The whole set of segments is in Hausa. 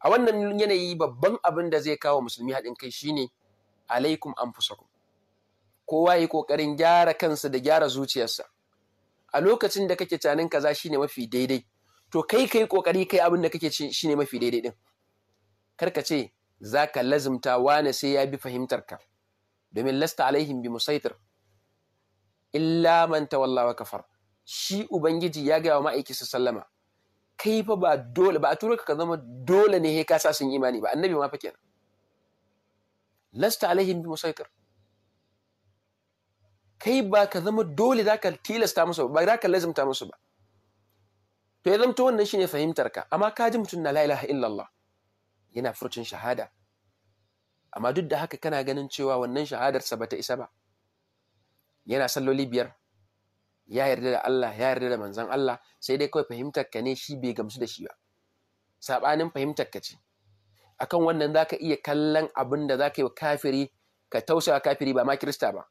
a wannan yanayi babban abin da zai kawo musulmi haɗin kai shine alaikum anfusakum kowa yi ƙoƙarin gyara kansa da gyara zuciyarsa a lokacin da kake canin kaza shine mafi daidai to kai kai ƙoƙari kai abin da kake ci shine mafi daidai din karka ce za ka lazimta wani sai ya bi fahimtar ka domin lasta alaihim bi musaitir illa manta wallawa kafar shi ubangiji ya gaya wa ma'aikisa sallama kai fa ba dole ba a turo ka zama dole ne he ka sa sun imani ba annabi ma fa kenan lasta alaihim bi musaitar kai ba ka zama dole za tilasta musu ba za ka lazimta musu ba to ya zamto wannan shine fahimtar ka amma ka ji mutum na la ilaha illallah yana furcin shahada amma duk da haka kana ganin cewa wannan shahadar shahadarsa bata isa ba yana salloli biyar ya yarda da Allah ya yarda da manzon Allah sai dai kawai fahimtar ka ne shi bai gamsu da shi ba sabanin fahimtar ka ce akan wannan zaka iya kallon abin da zaka yi wa kafiri ka tausaya kafiri ba ma kirista ba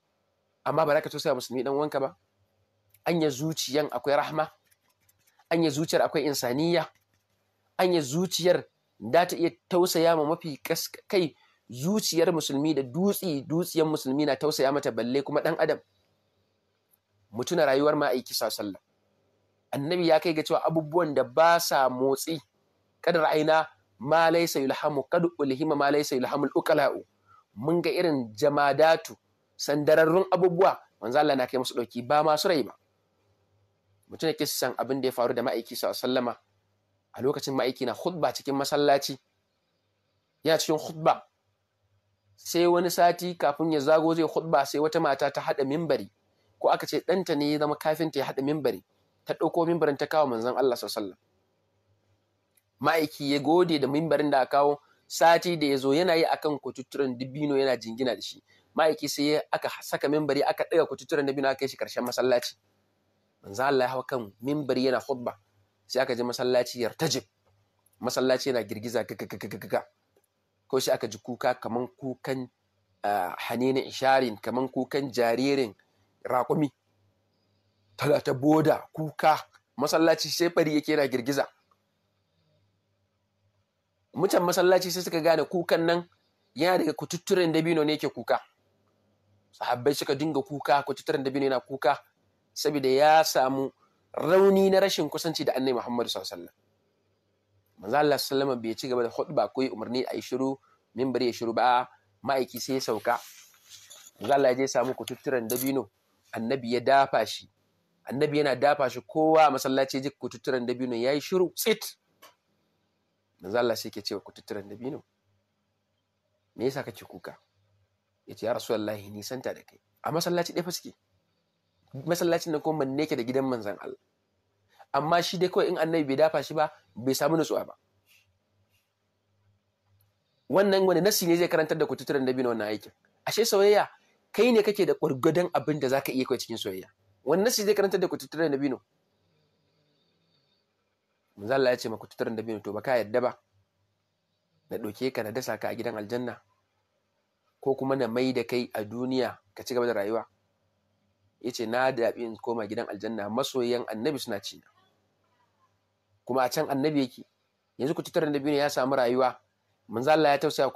amma ba za ka tausaya musulmi dan wanka ba anya zuciyan akwai rahma anya zuciyar akwai insaniya anya zuciyar da ta iya tausaya ma mafi kai zuciyar musulmi da dutsi dutsiyan musulmi na tausaya mata balle kuma dan adam mu tuna rayuwar sa sallah annabi ya kai ga cewa abubuwan da ba sa motsi kada aina ma laysa yulhamu kad ulhima ma laysa yulhamu uqala'u mun ga irin jamadatu sandararrun abubuwa manzo Allah na kai musu dauki ba masu rai ba mutuna kisa san abin da ya faru da ma'aiki sallama a lokacin ma'aiki na khutba cikin masallaci yana cikin khutba sai wani sati kafin ya zago zai khutba sai wata mata ta hada mimbari ko aka ce ɗanta ne ya zama kafinta ya haɗa mimbari ta ɗauko mimbarin ta kawo manzan Allah sallallahu ma'aiki ya gode da mimbarin da aka kawo sati da ya zo yana yi akan kututturen dibino yana jingina da shi ma'aiki sai aka saka mimbari aka ɗaga kututturen dibino aka kai shi karshen masallaci manzan Allah ya hau kan mimbari yana khutba sai aka je masallaci yartajib masallaci yana girgiza ga ko sai aka ji kuka kaman kukan ah, hanene isharin kaman kukan jaririn raƙumi talata boda kuka masallaci sai fari yake na girgiza mutan masallaci sai suka gane kukan nan yana daga kututturen dabino ne yake kuka sahabbai suka dinga kuka kututturen dabino yana kuka saboda ya samu rauni na rashin kusanci da annabi Muhammadu sallallahu alaihi wasallam manzo Allah sallama bai ci gaba da khutba ko umarni a yi shiru minbari ya shiru ba ma'aiki sai ya sauka manzo Allah ya je samu kututturen dabino annabi ya dafa shi annabi yana dafa shi kowa a masallaci ji kututturen dabino ya yi shiru tsit manzo Allah shi ke cewa kututturen dabino me yasa kake kuka yace ya rasulullahi ni santa da kai a masallaci ɗaya fa suke masallacin nan kuma manne ke da gidan manzon Allah amma shi dai kawai in annabi bai dafa shi ba bai samu nutsuwa ba wannan wani nasi ne zai karantar da kututturen dabino na aikin ashe soyayya kai ne kake da gwargwadon abin da zaka iya kai cikin soyayya wannan shi zai karanta da kututturen da manzo Allah ya ce ma da bino to baka yadda ba na ɗauke ka na dasa ka a gidan aljanna ko kuma na mai da kai a duniya ka ci gaba da rayuwa ya ce na daɗi in koma gidan aljanna masoyan annabi suna ci kuma a can annabi yake yanzu da bino ya samu rayuwa Manzala Allah ya tausaya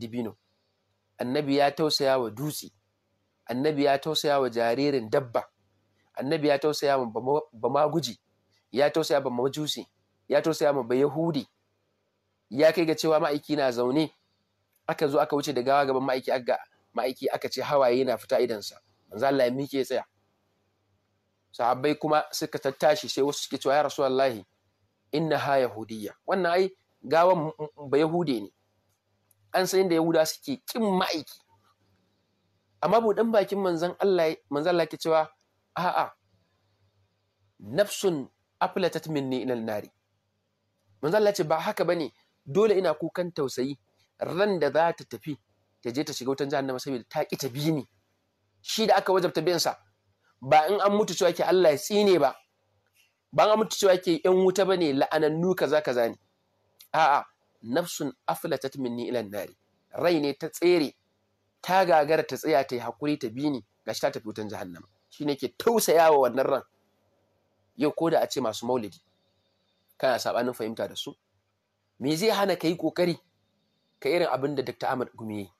da bino. annabi ya tausaya wa dutse annabi ya tausaya wa jaririn dabba annabi ya tausaya wa Maguji. ya tausaya ba majusi ya tausaya wa bayahudi ya kai ga cewa ma'aiki na zaune aka zo aka wuce da gawa gaban ma'aiki aka ma'aiki aka ce hawaye na fita idansa manzo Allah ya mike tsaya sahabbai kuma suka tattashi sai wasu suke cewa ya rasulullahi inna ha yahudiyya wannan ai gawan ba yahude ne an san inda yahuda suke kin ma'aiki amma buɗin bakin manzan Allah manzan Allah ke cewa a'a nafsun aflatat minni ilal nari manzan Allah ce ba haka bane dole ina kukan tausayi ran da za ta tafi ta je ta shiga wutan jahannama saboda ta ki ta bi ni shi da aka wajabta bin sa ba in an mutu cewa ke Allah ya tsine ba ba an mutu cewa ke yan wuta bane la'anannu kaza kaza ne a'a nafsun aflatat minni ilan nari rai ne ta tsere ta gagara ta tsaya ta yi hakuri ta bi ni shi ta tafi wutan jahannama ne ke tausayawa wannan ran yau ko da a ce masu maulidi kana sabanin fahimta da su me zai hana ka yi ƙoƙari ka irin abin da Dr. Ahmad Gumi yi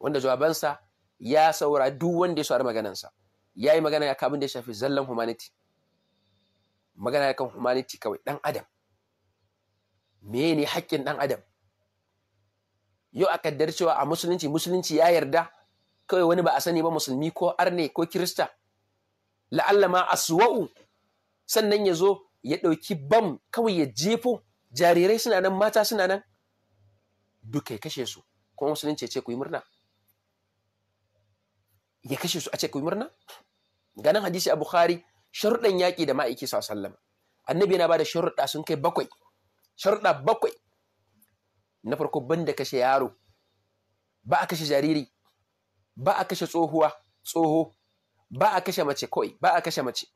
wanda jawabansa ya saura duk wanda ya saurari maganansa ya yi magana ya abin da ya shafi zallan humanity magana kan humanity kawai ɗan adam Me ne haƙƙin ɗan adam yau a kaddar cewa a musulunci musulunci ya yarda kawai wani ba a sani ba musulmi ko arne ko kirista la'alla ma aswa'u sannan ya zo ya ɗauki bam kawai ya jefo jarirai suna nan mata suna nan duka ya kashe su kuma musulunci ya ce ku yi murna ya kashe su a ce ku yi murna ganin hadisi a bukhari sharuɗan yaƙi da ma'aiki sa sallama annabi yana ba da sharuɗa sun kai bakwai sharuɗa bakwai na farko ban da kashe yaro ba a kashe jariri ba a kashe tsohuwa tsoho ba a kashe mace kawai ba a kashe mace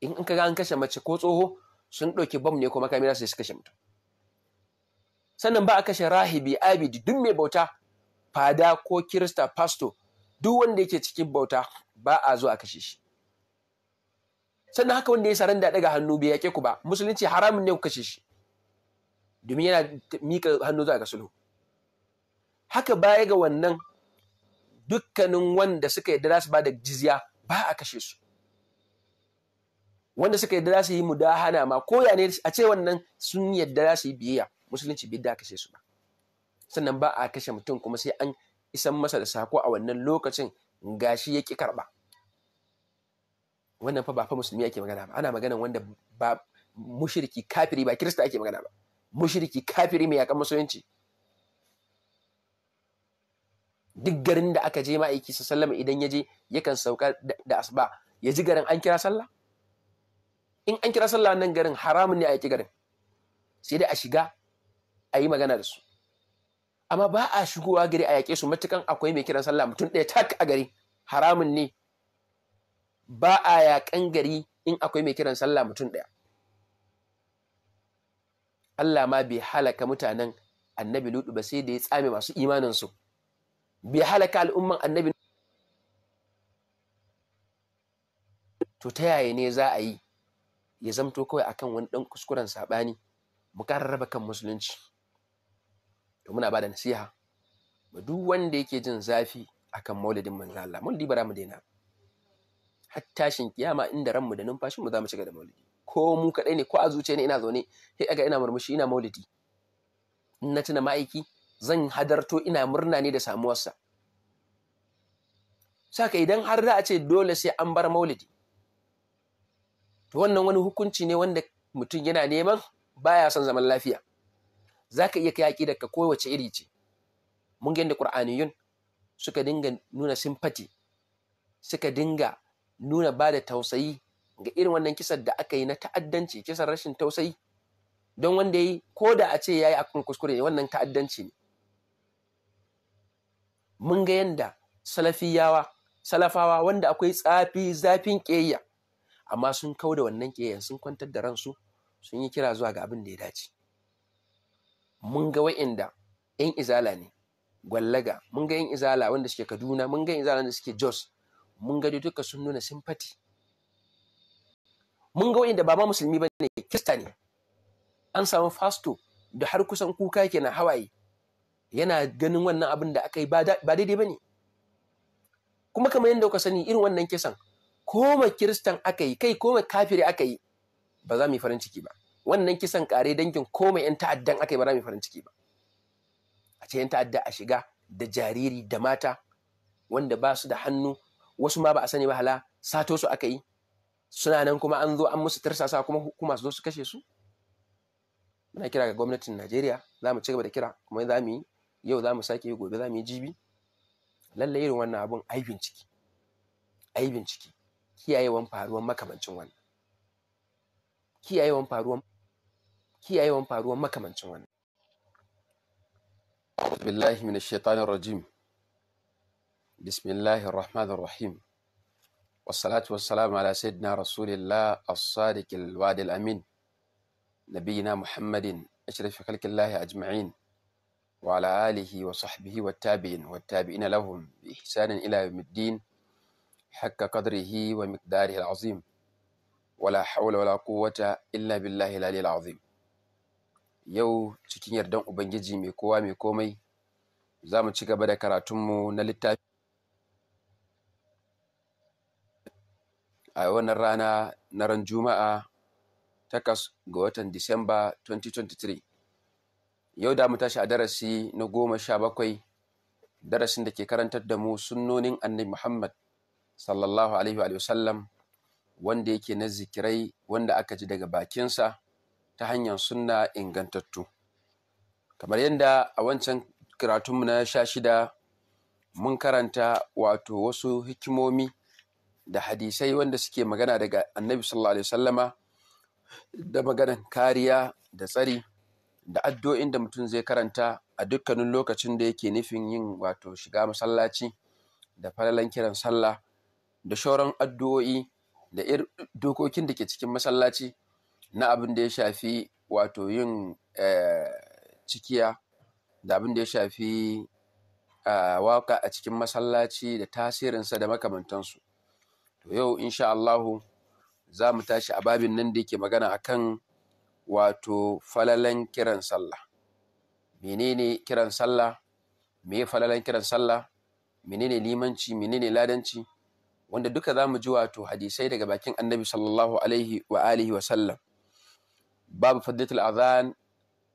in ka ga an kashe mace ko tsoho sun ɗauki bam ne ko makamira sai su kashe mutum sannan ba a kashe rahibi abidi duk mai bauta fada ko kirista pasto duk wanda yake cikin bauta ba a zo a kashe shi sannan haka wanda ya saran da daga hannu bai yake ku ba musulunci haramun ne ku kashe shi domin yana mika hannu zuwa ga sulhu haka baya ga wannan dukkanin wanda suka yarda za su ba da jizya ba a kashe su wanda suka yarda za su yi mudahana ma ko ne a ce wannan sun yarda za su yi biyayya musulunci bai da kashe su ba sannan ba a kashe mutum kuma sai an isan masa da sako a wannan lokacin gashi ya ƙi karɓa wannan fa ba fa musulmi ake magana ba ana magana wanda ba mushriki kafiri ba kirista ake magana ba mushiriki kafiri mai yakan musulunci duk garin da aka je ma'aiki su sallama idan ya je yakan sauka da asuba ya ji garin an kira sallah in an kira sallah nan garin haramun ne a yaki garin sai dai a shiga a yi magana da su amma ba a shigowa gari a yaƙe su matukan akwai mai kiran sallah mutum ɗaya tak a gari haramun ne ba a yaƙan gari in akwai mai kiran sallah mutum ɗaya Allah ma bai halaka mutanen annabi ludu ba sai da ya tsame masu imaninsu bai halaka al'umman annabi to ta yaya ne za a yi ya zamto kawai akan wani ɗan kuskuren saɓani mu raba kan musulunci to muna ba da nasiha ba duk wanda yake jin zafi akan maulidin manzala, mun libara mu daina har tashin kiyama inda ranmu da numfashinmu za mu ci da maulidi ko mu kaɗai ne ko a zuciya ne ina zaune sai aga ina murmushi ina maulidi na tuna ma'aiki zan hadarto ina murna ne da samuwarsa saka idan har za a ce dole sai an bar maulidi to wannan wani hukunci ne wanda mutum yana neman baya son zaman lafiya Za ka iya kai yaƙi daga kowace iri ce mun gani da ƙur'aniyun suka dinga nuna simfati suka dinga nuna ba da tausayi ga irin wannan kisar da aka yi na ta'addanci kisar rashin tausayi don wanda yi ko da a ce ya yi akan kuskure ne wannan ta'addanci ne mun ga yadda salafiyawa salafawa wanda akwai tsafi zafin ƙeya amma sun kau da wannan ƙeyya sun kwantar da ransu sun yi kira zuwa ga abin da ya dace mun ga wa'inda 'yan izala ne gwallaga mun ga 'yan izala wanda suke kaduna mun ga 'yan izala wanda suke jos mun ga duka sun nuna simfati mun ga wa'inda ba ma musulmi ba ne kirista ne an samu fasto da har kusan kuka ke na hawaye yana ganin wannan abin da aka yi ba daidai ba ne kuma kamar yadda kuka sani irin wannan kisan koma kiristan aka yi kai koma kafiri aka yi ba za mu yi farin ciki ba wannan kisan kare dangin koma yan ta'addan aka yi ba za mu yi farin ciki ba a ce yan ta'adda a shiga da jariri da mata wanda ba su da hannu wasu ma ba a sani ba hala sato su aka yi suna nan kuma an zo an musu tarsasa kuma hukuma su zo su kashe su muna kira ga gwamnatin Najeriya za mu ci gaba da kira kuma za mu yi yau za mu sake yi gobe za mu yi jibi lallai irin wannan abun ai bincike ai bincike kiyayewan faruwan makamancin wannan kiyayewan faruwan kiyayewan faruwan makamancin wannan billahi minash shaitanir rajim bismillahir rahmanir rahim والصلاة والسلام على سيدنا رسول الله الصادق الوعد الأمين نبينا محمد أشرف خلق الله أجمعين وعلى آله وصحبه والتابعين والتابعين لهم بإحسان إلى يوم الدين حق قدره ومقداره العظيم ولا حول ولا قوة إلا بالله العلي العظيم yau cikin yardan Ubangiji mai kowa mai komai za mu ci gaba da karatunmu na littafi a wannan rana na ran juma'a takas ga watan disamba 2023 yau da mu tashi a darasi na goma sha bakwai darasin da ke karantar da mu sunnonin annabi muhammad sallallahu alaihi wa sallam wanda yake na zikirai wanda aka ji daga bakinsa ta hanyar sunna ingantattu kamar yadda a wancan karatunmu na sha shida mun karanta wato wasu hikimomi da hadisai wanda suke magana daga annabi sallallahu alaihi wasallama da maganan kariya da tsari da addu'o'in da mutum zai karanta a dukkanin lokacin da yake nufin yin wato shiga masallaci da falalan kiran sallah da shauran addu'o'i da dokokin da ke cikin masallaci na abin da ya shafi wato yin eh, cikiya da abin da ya shafi ah, waka a cikin masallaci da tasirinsa da makamantansu yau insha Allahu za mu tashi a babin nan da yake magana akan wato falalan kiran sallah menene kiran sallah me falalan kiran sallah menene limanci menene ladanci wanda duka za mu ji wato hadisai daga bakin annabi sallallahu alaihi wa alihi wa sallam babu faddatul azan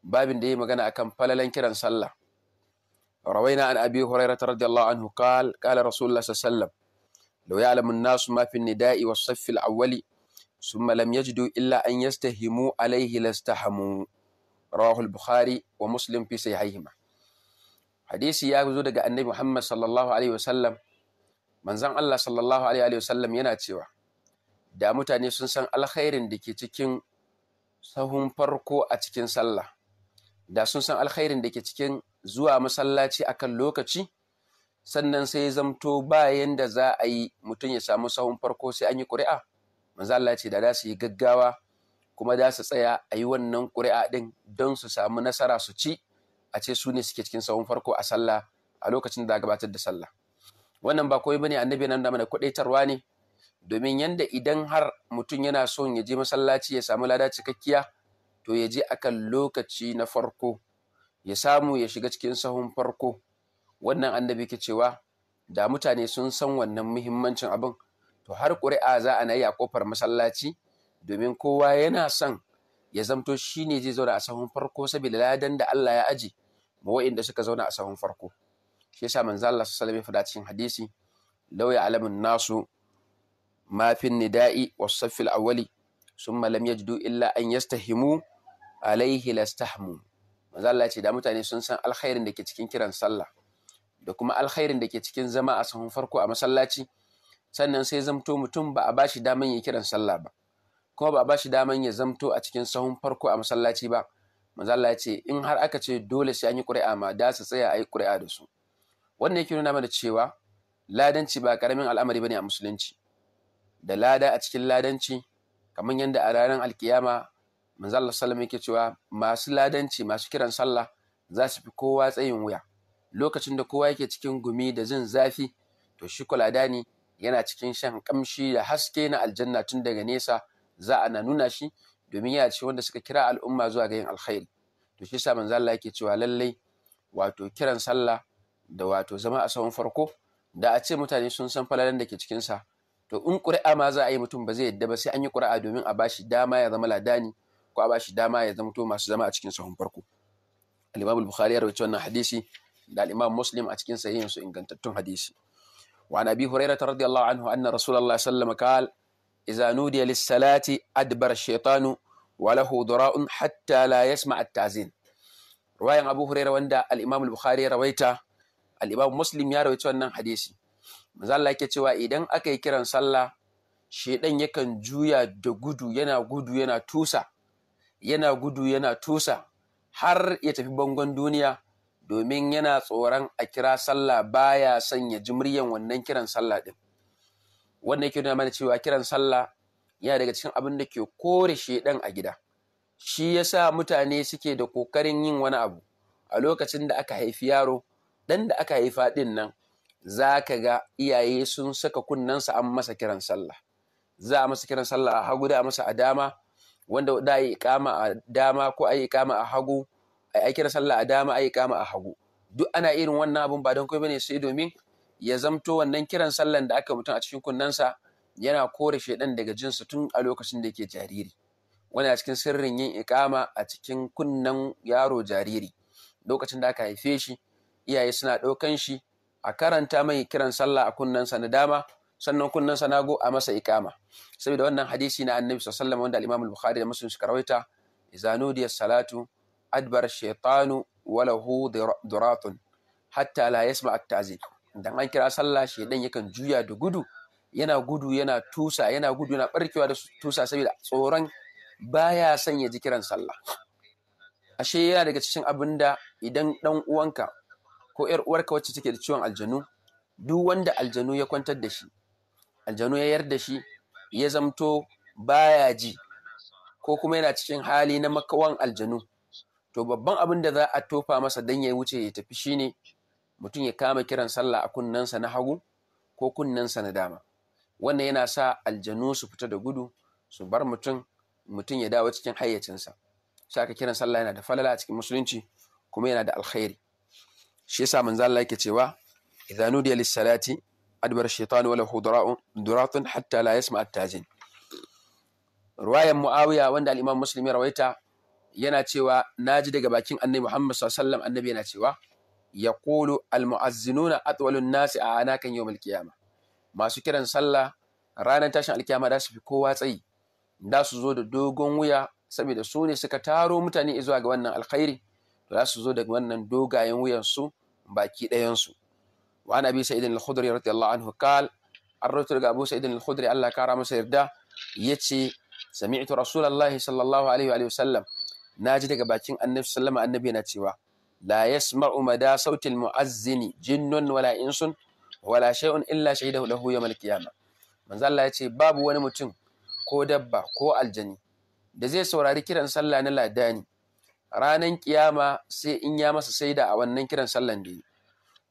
babin da ya magana akan falalan kiran sallah rawaina an abi hurairah radiyallahu anhu qal qala rasulullah sallallahu لو يعلم الناس ما في النداء والصف الأول ثم لم يجدوا إلا أن يستهموا عليه لاستحموا رواه البخاري ومسلم في صحيحهما hadisi ya zo daga annabi Muhammad sallallahu alaihi wasallam manzon Allah sallallahu alaihi wasallam yana cewa da mutane sun san alkhairin da ke cikin sahun farko a cikin sallah da sun san alkhairin da ke cikin zuwa masallaci akan lokaci sannan sai zamto bayan da za a yi mutum ya samu sahun farko sai an yi ƙuri'a manzo Allah ce da za su yi gaggawa kuma da su tsaya a yi wannan ƙuri'a din don su samu nasara su ci a ce su ne suke cikin sahun farko a sallah a lokacin da gabatar da sallah wannan ba komai bane annabi nan da mana kuɗaitarwa ne domin yanda idan har mutum yana son ya je masallaci ya samu lada cikakkiya to ya je akan lokaci na farko ya samu ya shiga cikin sahun farko wannan annabi ke cewa da mutane sun san wannan muhimmancin abin to har ƙuri'a za a na yi a ƙofar masallaci domin kowa yana son ya zamto shi ne zai zauna a sahun farko saboda ladan da Allah ya aji mu wa'inda suka zauna a sahun farko shi yasa manzo Allah sallallahu alaihi wasallam cikin hadisi lauya alamin nasu ma fi nida'i was saffil awwali summa lam yajdu illa an yastahimu alaihi lastahmu manzo Allah ce da mutane sun san alkhairin da ke cikin kiran sallah da kuma alkhairin da ke cikin zama a sahun farko a masallaci sannan sai zamto mutum ba a bashi daman ya kiran sallah ba kuma ba a bashi daman ya zamto a cikin sahun farko a masallaci ba manzo ya ce in har aka ce dole sai an yi ƙuri'a ma da su tsaya a yi ƙuri'a da su wannan yake nuna mana cewa ladanci ba karamin al'amari bane a musulunci da lada a cikin ladanci kamar yadda a ranar alkiyama manzo Allah yake cewa masu ladanci masu kiran sallah za su fi kowa tsayin wuya lokacin da kowa yake cikin gumi da jin zafi to shi ne yana cikin shan kamshi da haske na aljanna tun daga nesa za a na nuna shi domin yana ce wanda suka kira al'umma zuwa ga yin alkhairi to shi sa manzo Allah yake cewa lallai wato kiran sallah da wato zama a sahun farko da a ce mutane sun san falalan da ke cikin sa to in ƙuri'a ma za a yi mutum ba zai yadda ba sai an yi ƙuri'a domin a bashi dama ya zama ladani ko a bashi dama ya zama to masu zama a cikin sahun farko al-Imam bukhari ya rawaito wannan hadisi da al Muslim a cikin sahihin su ingantattun hadisi wa an abi hurairah radiyallahu anhu anna rasulullah sallama alaihi wasallam nudiya salati adbar shaytanu wa lahu dura'un hatta la yasma' at-ta'zin Abu wanda al-Imam al-Bukhari rawaita al-Imam Muslim ya rawaita wannan hadisi manzo Allah cewa idan aka yi kiran sallah shedan yakan juya da gudu yana gudu yana tusa yana gudu yana tusa har ya tafi bangon duniya domin yana tsoron a kira sallah baya sanya ya wannan kiran sallah din wannan yake nuna mana cewa kiran sallah yana daga cikin abin da ke kore shedan a gida shi yasa mutane suke da kokarin yin wani abu a lokacin da aka haifi yaro dan da aka haifa din nan za ka ga iyaye sun saka kunnensa an masa kiran sallah za a masa kiran sallah a hagu da a masa a dama wanda da a yi kama a dama ko a yi kama a hagu ai kira sallah a dama ai kama a hagu duk ana irin wannan abun ba don kai bane sai domin ya zamto wannan kiran sallan da aka mutum a cikin sa yana kore shaidan daga jinsa tun a lokacin da yake jariri wani a cikin sirrin yin ikama a cikin kunnen yaro jariri lokacin da aka haife shi iyaye suna ɗaukan shi a karanta mai kiran sallah a sa na dama sannan kunnensa na go a masa ikama saboda wannan hadisi na annabi sallallahu alaihi wasallam wanda al-Imam al-Bukhari da Muslim suka rawaita idza nudiya salatu adbar shaitanu walahu duratun hatta la yasma at dan an kira sallah shaidan yakan juya da gudu yana gudu yana tusa yana gudu yana barkewa da tusa saboda tsoron baya sanya ya ji kiran sallah ashe yana daga cikin abin da idan dan uwanka ko yar uwarka wacce take da ciwon aljanu duk wanda aljanu ya kwantar da shi aljanu ya yarda shi ya zamto baya ji ko kuma yana cikin hali na makawan aljanu to babban abin da za a tofa masa dan ya wuce ya tafi shi ne, mutum ya kama kiran sallah a kunnensa na hagu ko kunnensa na dama wannan yana sa aljanu su fita da gudu su bar mutum mutum ya dawo cikin hayyacinsa saka kiran sallah yana da falala a cikin musulunci kuma yana da alkhairi shi yasa manzo Allah yake cewa idza nudiya lis-salati adbar shaytan wa lahu duratun hatta la yasma at-tajin ruwayan muawiya wanda al-imam muslim ya rawaita yana cewa naji daga bakin annabi Muhammad sallallahu alaihi wasallam annabi yana cewa yaqulu almu'azzinuna atwalun nasi a anakan yawmal qiyama masu kiran sallah ranar tashin alkiyama da su fi kowa tsayi da su zo da dogon wuya saboda su ne suka taro mutane zuwa ga wannan alkhairi to za su zo da wannan dogayen wuyan su baki dayan su wa an abi sa'id al-khudri radiyallahu anhu qal arratu daga abu sa'id al-khudri Allah kara masa yarda yace sami'tu rasulullahi sallallahu alaihi wa sallam na ji daga bakin annabi sallama annabi yana cewa la yasma'u mada sautil mu'azzini jinnun wala insun wala shay'un illa shahidahu lahu yawmal qiyamah manzo Allah ya babu wani mutum ko dabba ko aljani da zai saurari kiran sallah na ladani ranan kiyama sai in ya masa saida a wannan kiran sallan da yi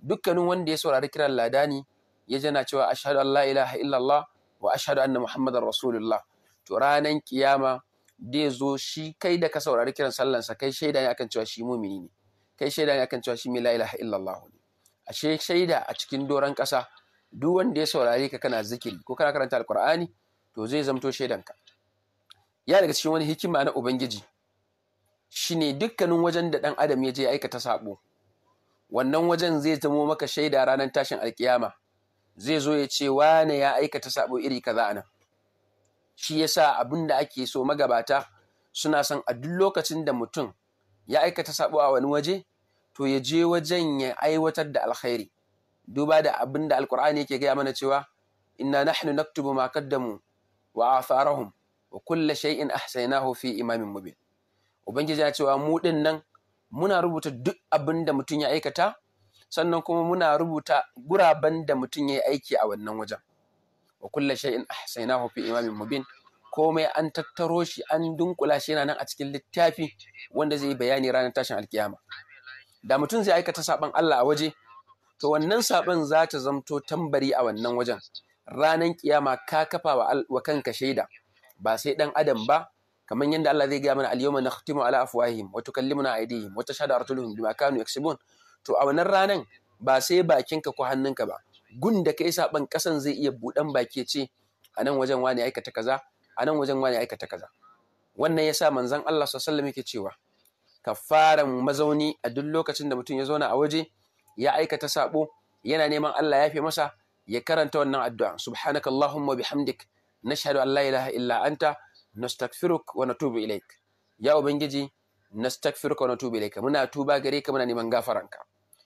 dukkanin wanda ya saurari kiran ladani ya jana cewa ashhadu an la ilaha illallah wa ashhadu anna muhammadar rasulullah to ranan kiyama da zo shi kai da ka saurari kiran sallansa kai shaida ne akan cewa shi mumini ne kai shaida ne akan cewa shi mai la ilaha illallah ne she shaida a cikin doron ƙasa duk wanda ya saurari ka kana zikiri ko kana karanta alqur'ani to zai zamto ka. ya daga cikin wani hikima na ubangiji shine dukkanin wajen da dan adam ya je aikata sabo wannan wajen zai zamo maka shaida ranar tashin alkiyama zai zo ya ce wane ya aikata sabo iri kaza anan shi ya sa abin da ake so magabata suna son a duk lokacin da mutum ya aikata sabo a wani waje to ya je wajen ya aiwatar da alkhairi duba da abin da alkur'ani yake gaya mana cewa inna nahnu naktubu ma qaddamu wa atharahum wa kulli shay'in ahsaynahu fi imamin mubin ubangiji ya cewa mu din nan muna rubuta duk abin da mutum ya aikata sannan kuma muna rubuta guraben da mutum ya yi aiki a wannan wajen wa kulla shay'in ahsaynahu fi imamin mubin komai an tattaro shi an dunkula shi yana nan a cikin littafi wanda zai yi bayani ranar tashin alkiyama da mutum zai aikata saban Allah a waje to wannan saban za ta zamto tambari a wannan wajen ranar kiyama ka kafa wa kanka shaida ba sai dan adam ba kamar yadda Allah zai gaya mana al-yawma nakhtimu ala afwahihim wa tukallimuna aydihim wa tashhadu arjuluhum bima kanu yaksubun to a wannan ranan ba sai bakinka ko hannunka ba gun da ka yi saban ƙasan zai iya buɗan baki ce a nan wajen wani aikata kaza a nan wajen wani aikata kaza wannan yasa manzan Allah sallallahu alaihi yake cewa kafaran mazauni a duk lokacin da mutum ya zauna a waje ya aikata saɓo, yana neman Allah ya fi masa ya karanta wannan addu'a subhanakallahumma bihamdik nashhadu an la ilaha illa anta nastaghfiruk wa natubu ilaik ya ubangiji nastaghfiruka wa natubu ilaik muna tuba gare ka muna neman gafaranka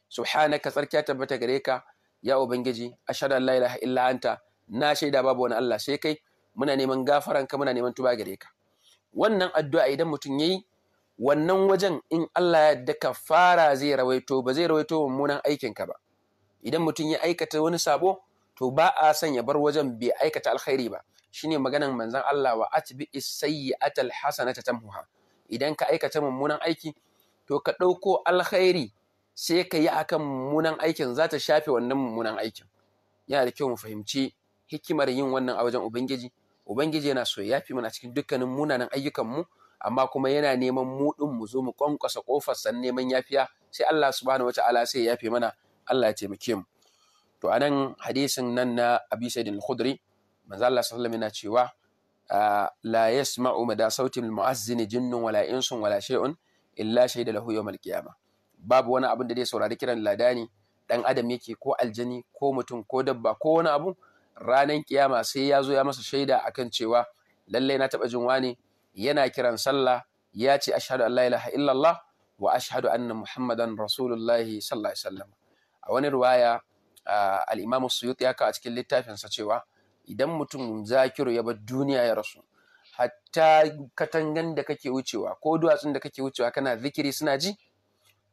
subhanaka tsarkiya tabbata gare ka ya ubangiji ashhadu an la ilaha illa anta na shaida babu wani Allah sai kai muna neman gafaranka muna neman tuba gare ka wannan addu'a idan mutum yayi wannan wajen in Allah ya yarda fara zai rawaito ba zai rawaito mummunan aikin ka ba idan mutum ya aikata wani sabo to ba a san ya bar wajen bai aikata alkhairi ba shine maganan manzon Allah wa atbi as-sayyi'ata al-hasanata tamhuha idan ka aikata mummunan aiki to ka ɗauko alkhairi sai ka yi akan mummunan aikin za ta shafe wannan mummunan aikin yana da kyau mu fahimci hikimar yin wannan a wajen ubangiji ubangiji yana so ya fi mana cikin dukkanin munanan ayyukan mu amma kuma yana neman mu din mu zo mu kwankwasa kofar san neman yafiya sai Allah subhanahu wataala sai ya yafe mana Allah ya taimake mu to anan hadisin nan na Abi Sa'id al-Khudri manzo Allah sallallahu alaihi wasallam yana cewa ah, la yasma'u mada sautin mu'azzini jinnun wala insun wala shay'un illa shayda lahu yawm al-qiyamah babu wani abin da zai saurari kiran ladani dan adam yake ko aljani ko mutum ko dabba ko wani abu ranan kiyama sai ya zo ya masa shaida akan cewa lallai na taba jin wani yana kiran sallah ya ce ashhadu an la ilaha illallah wa ashhadu anna muhammadan rasulullahi sallallahu alaihi wasallam a wani riwaya al-imamu suyuti ya a cikin littafin sa cewa idan mutum zakiru ya bar duniya ya rasu hatta katangan da kake wucewa ko duwatsun da kake wucewa kana zikiri suna ji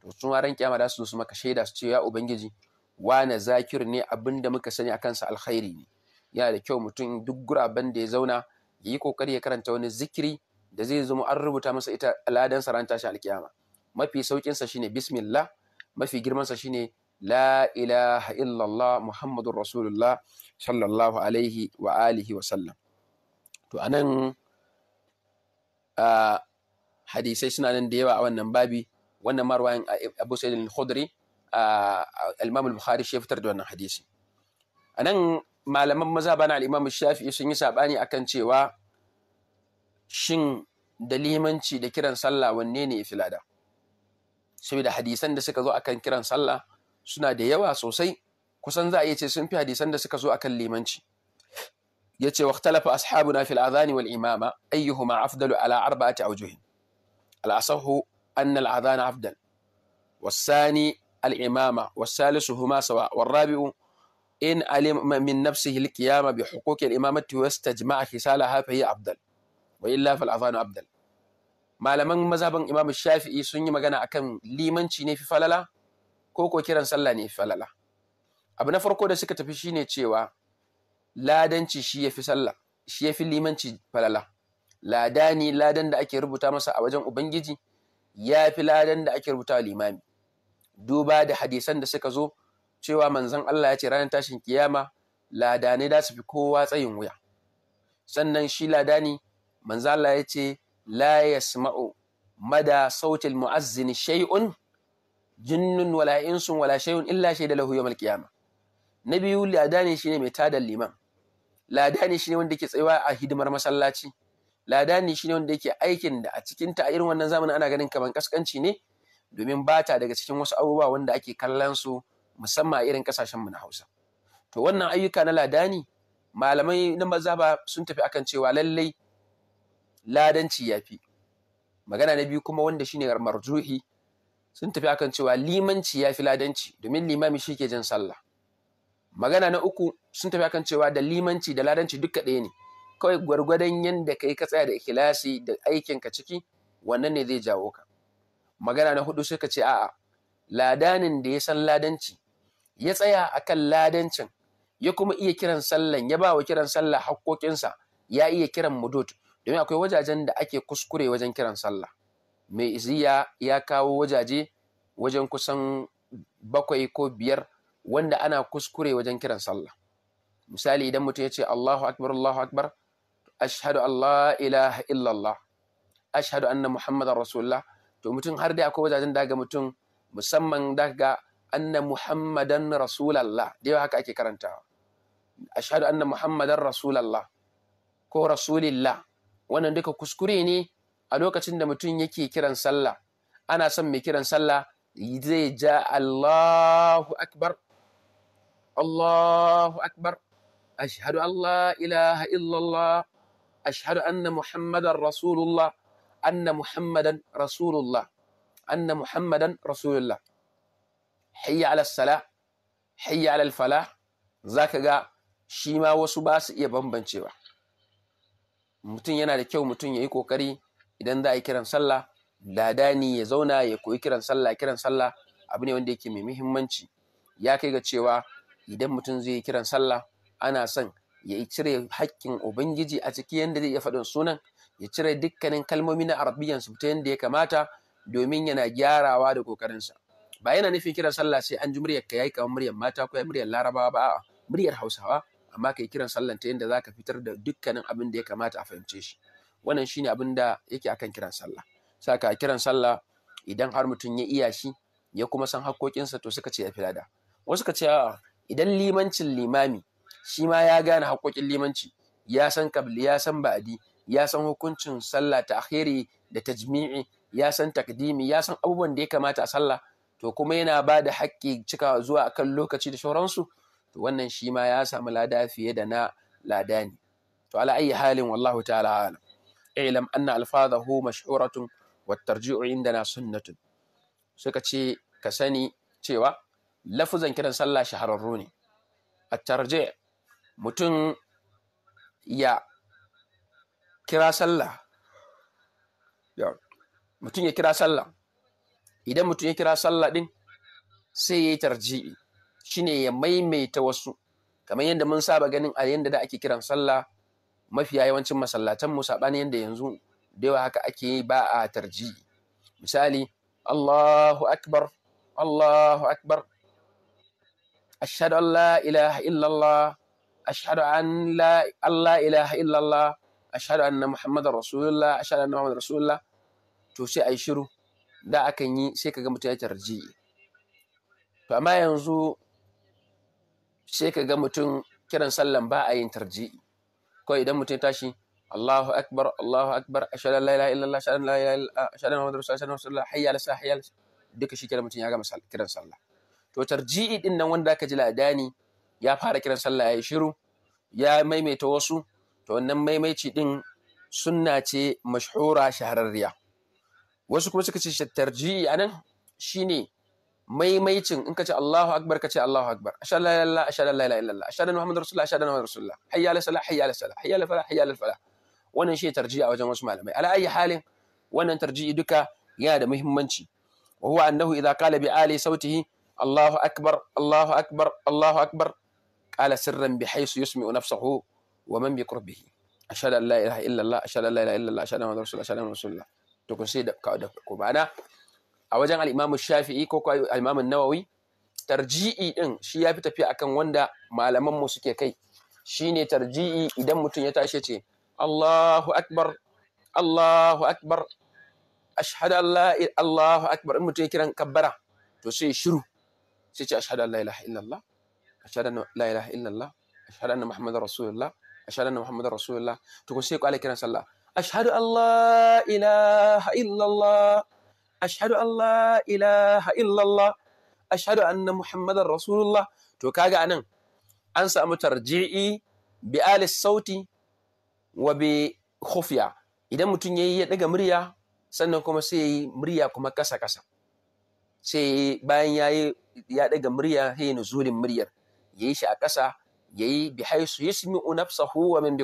to su ran kiyama da su zo su maka shaida su ce ya ubangiji wane zakir ne abin da muka sani akan sa alkhairi ne yana da kyau mutum duk guraben da ya zauna ya yi kokari ya karanta wani zikiri da zai zama an rubuta masa ita al'adan sa ran tashi alkiyama mafi saukin sa shine bismillah mafi girman sa shine la ilaha illallah muhammadur rasulullah sallallahu alaihi wa alihi wa sallam to anan hadisai suna nan da yawa a wannan babi wannan marwayin abu sa'id al-khudri al-imam al-bukhari shi fitar da wannan hadisi anan malaman maza bana al-imam shafi'i sun yi sabani akan cewa shin da limanci da kiran sallah wanne ne yafi saboda hadisan da suka zo akan kiran sallah suna da yawa sosai kusan za a iya ce sun fi hadisan da suka zo akan limanci yace waqtalafa ashabuna fil adhani wal imama ayyuhuma afdalu ala arba'ati awjuhin al asahu أن الأذان أفضل والثاني الإمامة والثالث هما سواء والرابع إن علم من نفسه القيام بحقوق الإمامة واستجمع خصالها فهي أفضل وإلا فالأذان أفضل malaman mazhaban Imam Shafi'i sun yi magana akan limanci ne fi falala ko kiran sallah ne fi falala abu na farko da suka tafi shine cewa ladanci shi yafi sallah shi yafi limanci falala ladani ladan da ake rubuta masa a wajen ubangiji ya fi ladan da ake rubuta wa limami duba da hadisan da suka zo cewa manzan Allah ya ce ranar tashin kiyama ladane da su fi kowa tsayin wuya sannan shi ladani manzan Allah ya ce la yasma'u mada sautil mu'azzin shay'un jinnun wala insun wala shay'un illa da lahu yawmal kiyama na biyu ladani shine mai tada liman ladani shine wanda ke tsayawa a hidimar masallaci ladani ne wanda yake aikin da a cikin ta irin wannan zamanin ana ganin kaman kaskanci ne domin ba ta daga cikin wasu abubuwa wanda ake kallon su musamman a irin kasashen mu na Hausa to wannan ayyuka na ladani malamai na mazhaba sun tafi akan cewa lallai ladanci yafi magana na biyu kuma wanda shine marjuhi sun tafi akan cewa limanci yafi ladanci domin limami shi ke jin sallah magana na uku sun tafi akan cewa da limanci da ladanci duka ɗaya ne kawai gwargwadon yadda kai ka tsaya da ikhlasi da aikin ka ciki wannan ne zai jawo ka magana na hudu suka ce a'a ladanin da ya san ladanci ya tsaya akan ladancin ya kuma iya kiran sallan ya ba wa kiran sallah haƙƙoƙinsa ya iya kiran mudut domin akwai wajajen da ake kuskure wajen kiran sallah mai iziya ya kawo wajaje wajen kusan bakwai ko biyar wanda ana kuskure wajen kiran sallah misali idan mutum ya ce Allahu akbar Allahu akbar ashhadu Allah ilaha illallah ashhadu anna muhammadar rasulullah to mutum har dai akwai wajajen daga mutum musamman daga anna muhammadan rasulallah da haka ake karantawa ashhadu anna muhammadan rasulallah ko rasulillah wannan duka kuskure ne a lokacin da mutum yake kiran sallah ana son mai kiran sallah zai ja Allahu akbar Allahu akbar ashhadu Allah ilaha illallah أشهد أن محمدا رسول الله أن محمدا رسول الله أن محمدا رسول الله حي على الصلاة حي على الفلاح ذاك جاء شيما وسباس mutum yana da kyau mutum ya yi ƙoƙari idan za a yi kiran sallah ladani ya zauna ya koyi kiran sallah kiran sallah abu ne wanda yake mai muhimmanci ya kai ga cewa idan mutum zai yi kiran sallah ana son ya cire hakkin ubangiji a ciki yadda zai iya faɗin sunan ya cire dukkanin kalmomi na arabiyansu su ta yadda ya kamata domin yana gyarawa da ƙoƙarinsa. ba yana nufin kiran sallah sai an ji muryar ka yayi kamar muryar mata ko muryar larabawa ba a'a muryar hausawa amma kai kiran sallan ta yadda zaka fitar da dukkanin abin da ya kamata a fahimce shi wannan shine abin da yake akan kiran sallah saka kiran sallah idan har mutum ya iya shi ya kuma san haƙƙoƙinsa to suka ce ya fi lada wasu ka ce a'a idan limancin limami shi ma ya gane haƙoƙin limanci ya san kabli ya san ba'adi ya san hukuncin sallah ta akhiri da tajmi'i ya san takdimi ya san abubuwan da ya kamata a sallah to kuma yana ba da haƙƙi cika zuwa akan lokaci da shauransu to wannan shi ma ya samu lada fiye da na ladani to ala ayi halin wallahu ta'ala alam i'lam anna alfadahu mashhuratun wa tarji'u indana sunnatun suka ce ka sani cewa lafuzan kiran sallah shahararru ne a tarji mutum ya kira sallah mutum ya kira sallah idan mutum ya kira sallah din sai ya yi tarji'i shine ya maimaita wasu kamar yadda mun saba ganin a yadda da ake kiran sallah mafiya yawancin masallatan mu saɓani yadda yanzu da yawa haka ake yi ba a tarji'i misali Allahu akbar Allahu akbar ashhadu an ilaha illallah ashhadu an la Allah ilaha illallah ashhadu anna muhammadar rasulullah ashhadu anna muhammadar rasulullah to sai ai shiru da akan yi sai kaga mutum ya tarji to amma yanzu sai kaga mutum kiran sallan ba a yin tarji ko idan mutum ya tashi Allahu akbar Allahu akbar ashhadu an la ilaha illallah ashhadu an la ilaha illallah ashhadu anna muhammadar rasulullah ashhadu hayya ala hayya duka shi kiran mutum ya gama kiran sallah to tarji'i din nan wanda aka ji ladani ya fara kiran sallah ya yi shiru ya maimaita wasu to wannan maimaici din sunna ce mashhura shahararriya wasu kuma suka ce tarji'i anan shine maimaicin in ka ce Allahu akbar ka ce Allahu akbar ashhadu la ilaha ashhadu la ilaha illallah ashhadu muhammadur rasulullah ashhadu muhammadur rasulullah hayya ala salah hayya ala salah hayya ala falah hayya ala falah wannan shi tarji a wajen wasu malamai ala ayi halin wannan tarji duka yana da muhimmanci wa huwa annahu idza qala bi ali sautihi Allahu akbar Allahu akbar Allahu akbar qala sirran bi haythu yusmi'u nafsahu wa man bi qurbihi ashhadu an la ilaha illa allah ashhadu an la ilaha illa allah ashhadu anna rasulullah ashhadu anna rasulullah to kun sai da ko bana a wajen al-imam shafi'i ko al-imam nawawi tarji'i din shi ya fi tafiya akan wanda malaman mu suke kai shine tarji'i idan mutum ya tashi ce Allahu akbar Allahu akbar ashhadu an la Allahu akbar in mutum ya kiran kabbara to sai shiru sai ce ashhadu an la ilaha illallah ashhadu anna la ilaha illallah ashhadu anna muhammadar rasulullah ashhadu anna muhammadar rasulullah to ko sai ku ala sallah ashhadu an la ilaha illallah ashhadu an la ilaha illallah ashhadu anna muhammadar rasulullah to kaga anan an samu tarji'i bi alis sauti wa bi khufiya idan mutum yayi ya daga murya sannan kuma sai yayi murya kuma kasa kasa sai bayan yayi ya daga murya sai ya nuzulin muryar yayi shi a ƙasa yayi bi haisu yusmi'u nafsahu huwa min bi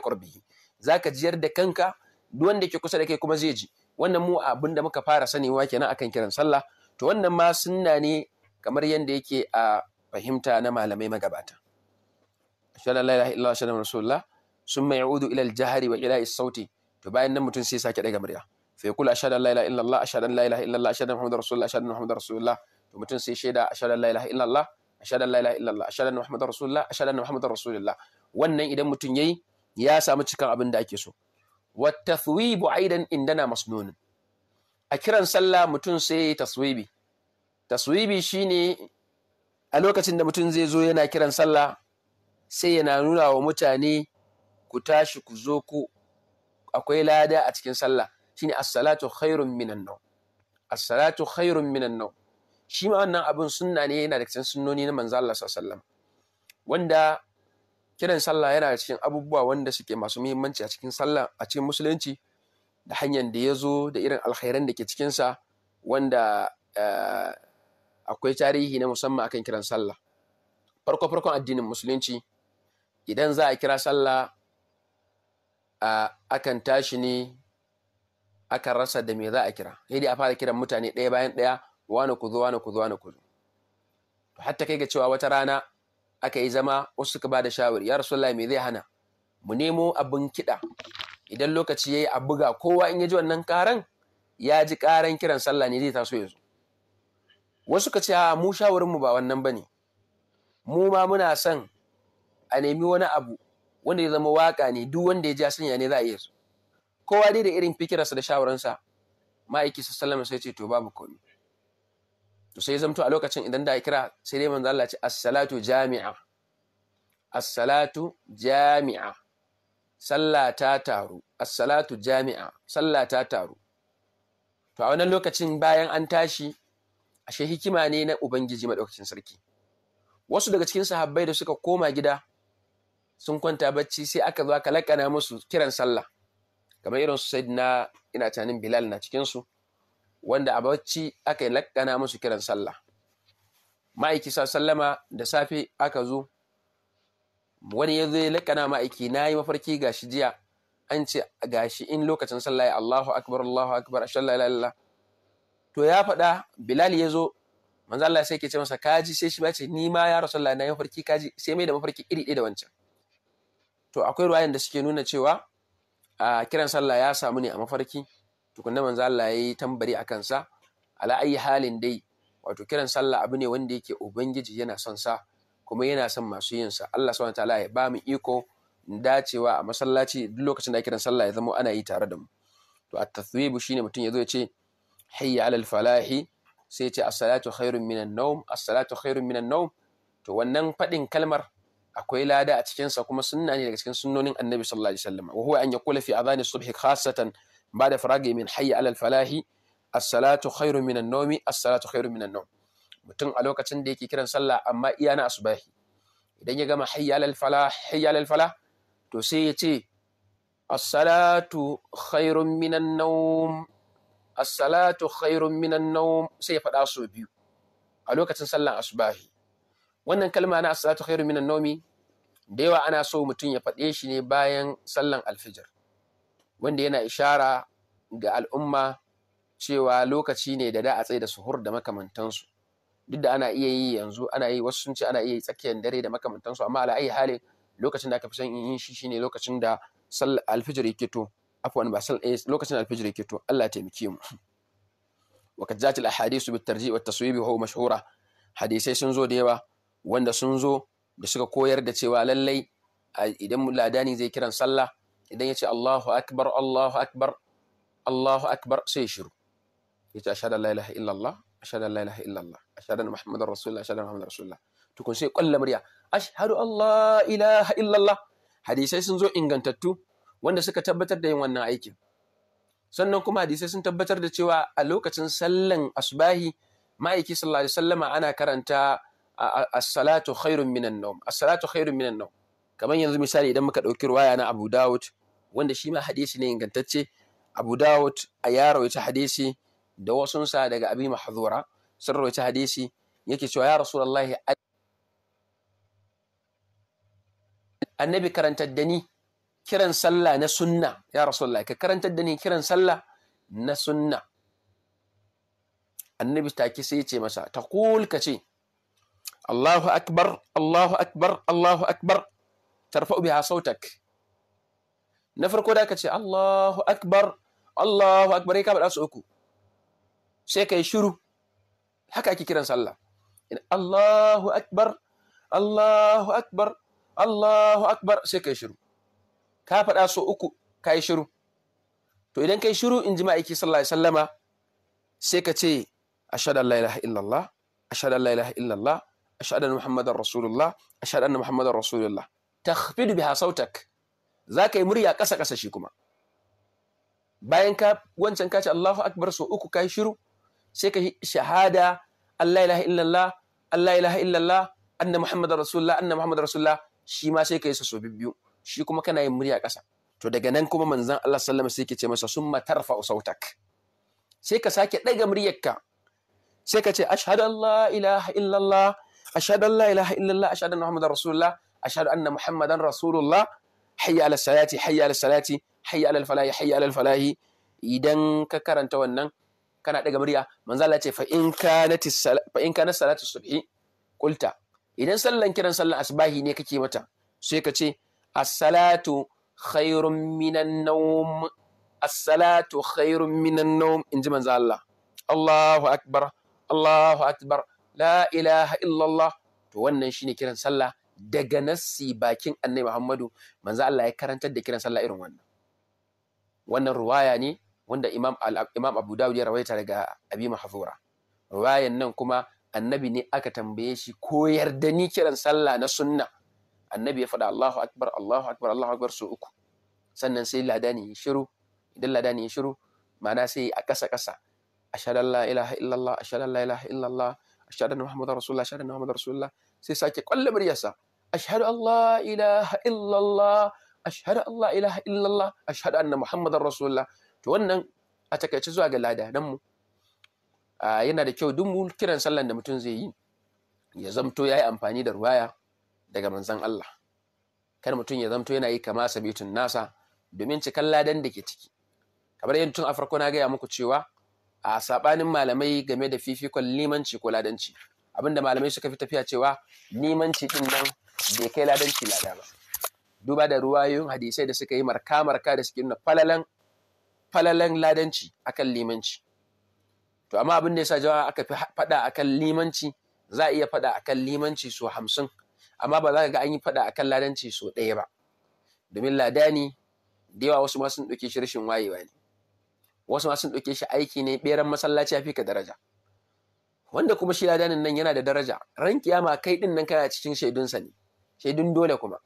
Za ka jiyar da kanka duk wanda ke kusa da kai kuma zai ji wannan mu abin da muka fara sanewa kenan akan kiran sallah to wannan ma sunna ne kamar yadda yake a fahimta na malamai magabata ashhadu an la ilaha illallah ashhadu anna rasulullah summa ya'udu ila al-jahri wa ila sauti to bayan nan mutum sai sake daga murya fa yaqulu ashhadu an la ilaha illallah ashhadu an la ilaha illallah ashhadu anna muhammadar rasulullah ashhadu anna muhammadar rasulullah to mutum sai shaida ashhadu an la ilaha illallah ashhadu an la ilaha illallah ashhadu anna muhammadar rasulullah ashhadu anna muhammadar rasulullah wannan idan mutum yayi ya samu cikan abin da ake so wa tathwibu aidan indana masnun a kiran sallah mutum sai taswibi taswibi shine a lokacin da mutum zai zo yana kiran sallah sai yana nuna wa mutane ku tashi ku zo ku akwai lada a cikin sallah shine as-salatu khairun minan nawm as-salatu khairun minan nawm shi ma wannan abin sunna ne yana da cikin sunnoni na manzo Allah sallallahu wanda kiran sallah yana da cikin abubuwa wanda suke masu muhimmanci a cikin sallah a cikin musulunci da hanyar da ya zo da irin alkhairan da ke cikin sa wanda eh, akwai tarihi na musamman akan kiran sallah farko farkon addinin musulunci idan za a kira sallah akan tashi ne akan rasa da me za a kira sai dai a fara kiran mutane ɗaya bayan ɗaya wani ku zo wani ku zo wani ku zo to hatta kai ga cewa wata rana aka yi zama wasu suka ba da shawari ya rasulullahi me zai hana mu nemo abin kiɗa idan lokaci yayi a buga kowa in ya ji wannan karan ya ji karan kiran sallah ne zai taso ya zo wasu suka ce a mu shawarin mu ba wannan bane mu ma muna son a nemi wani abu wanda ya zama waka ne duk wanda ya ji sanya ne za a iya su kowa dai da irin fikirarsa da shawararsa ma'aiki sallama sai ce to babu komai to sai zamto a lokacin idan da kira sai dai manzo Allah ce as-salatu jami'a as-salatu jami'a sallah ta taru as-salatu jami'a sallah ta taru to a wannan lokacin bayan an tashi ashe hikima ne na ubangiji madaukakin sarki wasu daga cikin sahabbai da suka koma gida sun kwanta bacci sai aka zo aka lakana musu kiran sallah kamar irin su sayyidina ina tunanin bilal na cikin su wanda a bacci aka yi laƙana musu kiran sallah ma'aiki sallama da safe aka zo wani ya zo ya laƙana ma'aiki na yi mafarki ga shi jiya an ce ga shi in lokacin sallah ya Allahu akbar Allahu akbar a ila ila to ya faɗa Bilal ya zo manzo Allah sai ke ce masa kaji sai shi bace ni ma ya rasulullah na yi mafarki kaji sai mai da mafarki iri ɗaya da wancan to akwai ruwayan da suke nuna cewa a kiran sallah ya samu ne a mafarki tukunna manzo Allah yayi tambari akan sa ala ayi halin dai wato kiran sallah abu ne wanda yake ubangiji yana son sa kuma yana son masu yin sa Allah subhanahu wataala ya ba mu iko dacewa a masallaci duk lokacin da kiran sallah ya zama ana yi tare da mu to at-tathwib shine mutum yazo ya ce hayya alal falahi sai ya ce as-salatu khairun minan nawm as-salatu khairun minan nawm to wannan fadin kalmar akwai lada a cikinsa kuma sunna ne daga cikin sunnonin annabi sallallahu alaihi wasallam wa huwa an yaqula fi adhani subhi khassatan farage بعد falahi as-salatu khairu min an-nawmi as-salatu khairu min an-nawm mutum a lokacin da yake kiran sallah amma iya na asubahi idan ya gama hayya alal falah hayya alal falah to sai ya ce as-salatu khairun minan nawm as-salatu min an nawm sai ya fada so biyu a lokacin sallan asubahi wannan kalma na as-salatu khairun minan nawmi da yawa ana so mutum ya fade shi ne bayan sallan alfijir wanda yana ishara ga al'umma cewa lokaci ne da da a tsaye da suhur da makamantansu duk da ana iya yi yanzu ana yi wasu sun ce ana iya yi tsakiyar dare da makamantansu amma ala ayi hali lokacin da aka fi son yin shi shine lokacin da sal alfijir yake to afwan ba eh, lokacin alfijir yake to Allah ya taimake mu وقد جاءت الاحاديث wa taswib huwa mashhura hadisai sun zo da yawa wanda sun zo da suka koyar da cewa lallai idan ladani zai kiran sallah idan ya ce Allahu akbar Allahu akbar Allahu akbar sai ya shiru ya ce ashhadu la ilaha illallah ashhadu an la ilaha illallah ashhadu anna muhammadar rasulullah ashhadu anna muhammadar rasulullah tukun sai kwalla murya ashhadu an la ilaha illallah hadisai sun zo ingantattu wanda suka tabbatar da yin wannan aikin sannan kuma hadisai sun tabbatar da cewa a lokacin sallan asubahi ma'aiki sallallahu alaihi wasallama ana karanta as-salatu khairun minan nawm as-salatu khairun minan nawm kamar yanzu misali idan muka ɗauki ruwaya na Abu Dawud wanda shi ma hadisi ne ingantacce Abu Dawud a ya rawaita hadisi da sa daga Abi Mahzura sun rawaita hadisi yake cewa ya Rasulullahi annabi karantar da ni kiran sallah na sunna ya Rasulullahi ka karantar da ni kiran sallah na sunna annabi take sai ce masa taqul ka ce Allahu akbar Allahu akbar Allahu akbar tarfa'u biha sautak na farko da aka Allahu akbar Allahu akbar ka faɗa su uku sai kai shiru haka ake kiran sallah Allahu akbar Allahu akbar Allahu akbar sai kai shiru ka faɗa su uku kai shiru to idan kai shiru in ji ma'aiki sallallahu alaihi wasallama a ka ce ashhadu an la ilaha illallah ashhadu an la ilaha illallah ashhadu anna takhfidu biha sautak zaka yi murya ƙasa ƙasa shi kuma bayan ka wancan ka ce Allahu akbar so uku kai shiru sai ka shahada Allah ilaha illallah Allah ilaha illallah anna muhammadar rasulullah anna muhammadar rasulullah shi ma sai ka yi sa so biyu shi kuma kana yin murya ƙasa to daga nan kuma manzon Allah sallama sai ke ce masa summa tarfa sautak sai ka sake ɗaga muryarka sai ka ce ashhadu an la ilaha illallah ashhadu an la ilaha illallah ashhadu anna muhammadar rasulullah ashhadu anna muhammadan rasulullah hayya ala salati hayya salati hayya ala falahi hayya idan ka karanta wannan kana daga murya manzo Allah ce fa in kanat salatu subhi qulta idan sallan kiran sallan asbahi ne kake mata sai ka ce as-salatu khairun minan nawm as-salatu khairun minan nawm inji manzo Allahu akbar Allahu akbar la ilaha illallah to wannan shine kiran sallah daga nassi bakin annabi Muhammadu manzo Allah ya karantar da kiran sallah irin wannan wannan ruwaya ne wanda Imam Imam Abu Dawud ya rawaita daga Abi Mahfura ruwayan nan kuma annabi ne aka tambaye shi ko yarda ni kiran sallah na sunna annabi ya faɗa Allahu akbar Allahu akbar Allahu akbar su uku sannan sai ladani ya shiru idan ladani ya shiru ma'ana sai a ƙasa ƙasa ashhadu an la ilaha illallah ashhadu an la ilaha illallah ashhadu anna muhammadar rasulullah ashhadu anna muhammadar rasulullah sai sake kwalle muryarsa ashhadu Allah ilaha illallah ashhadu Allah ilaha illallah ashhadu anna muhammadar rasulullah to wannan a takaice zuwa ga ladananmu? mu yana da kyau duk mu kiran sallan da mutum zai yi ya zamto yayi amfani da ruwaya daga manzan Allah kar mutum ya zamto yana yi kama sabitun nasa domin cikan ladan da ke ciki kamar yin tun a farko na gaya muku cewa a sabanin malamai game da fifikon limanci ko ladanci abinda malamai suka fi tafiya cewa limanci din nan bai kai ladanci lada ba duba da ruwayoyin hadisai da suka yi marka marka da suke nuna falalan falalan ladanci akan limanci to amma abin da yasa jawa aka fi faɗa akan limanci za a iya faɗa akan limanci so hamsin amma ba za ka ga an yi faɗa akan ladanci so ɗaya ba domin ladani da yawa wasu ma sun ɗauke shi rashin wayewa ne wasu ma sun ɗauke shi aiki ne ɓeran masallaci ya fi ka daraja wanda kuma shi ladanin nan yana da daraja ran kiyama kai ɗin nan kana cikin shaidunsa ne shaidun dole kuma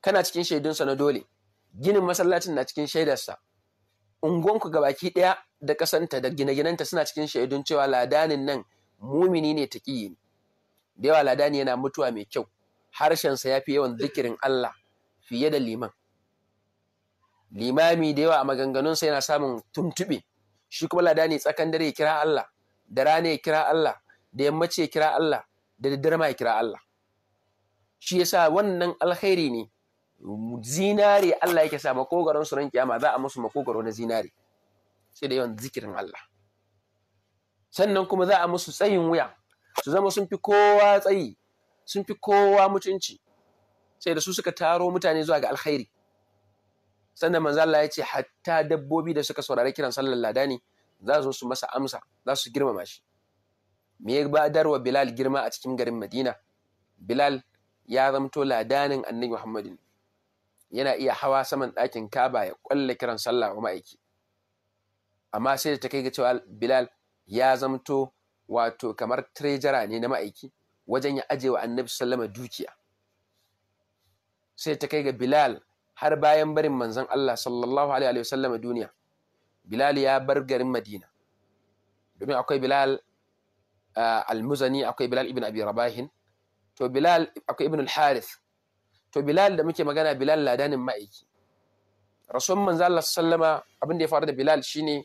kana cikin shaidunsa na dole ginin masallacin na cikin shaidarsa unguwanku baki ɗaya da ƙasanta da gine-ginenta suna cikin shaidun cewa ladanin nan mumini ne ƙi ne da yawa ladani yana mutuwa mai kyau harshensa ya fi yawan zikirin Allah fiye da liman limami da yawa a maganganunsa yana samun tuntuɓe shi kuma ladani tsakan dare ya kira Allah da rana ya kira Allah da yammaci ya kira Allah da daddare ma ya kira Allah shi yasa wannan alkhairi ne zinare Allah yake sa makogaron su ran kiyama za a musu makogaro na zinare sai da yawan zikirin Allah sannan kuma za a musu tsayin wuya su zama sun fi kowa tsayi sun fi kowa mutunci sai da su suka taro mutane zuwa ga alkhairi sannan manzo Allah yace hatta dabbobi da suka saurari kiran sallar ladani za su su masa amsa za su girmama shi me ya badarwa Bilal girma a cikin garin Madina Bilal ya zamto ladanin annabi Muhammadin yana iya hawa saman ɗakin Kaba ya ƙwalla kiran sallah wa ma'aiki amma sai da ta kai ga cewa Bilal ya zamto wato kamar trejara ne na ma'aiki wajen ya ajewa annabi sallama dukiya sai ta kai ga Bilal har bayan barin manzon Allah sallallahu alaihi wa sallama duniya Bilal ya bar garin Madina domin akwai Bilal ah, al-Muzani akwai Bilal ibn Abi Rabahin to bilal akwai ibn al-harith to bilal da muke magana bilal ladanin ma'aiki rasul manzo Allah sallama abin da ya faru da bilal shine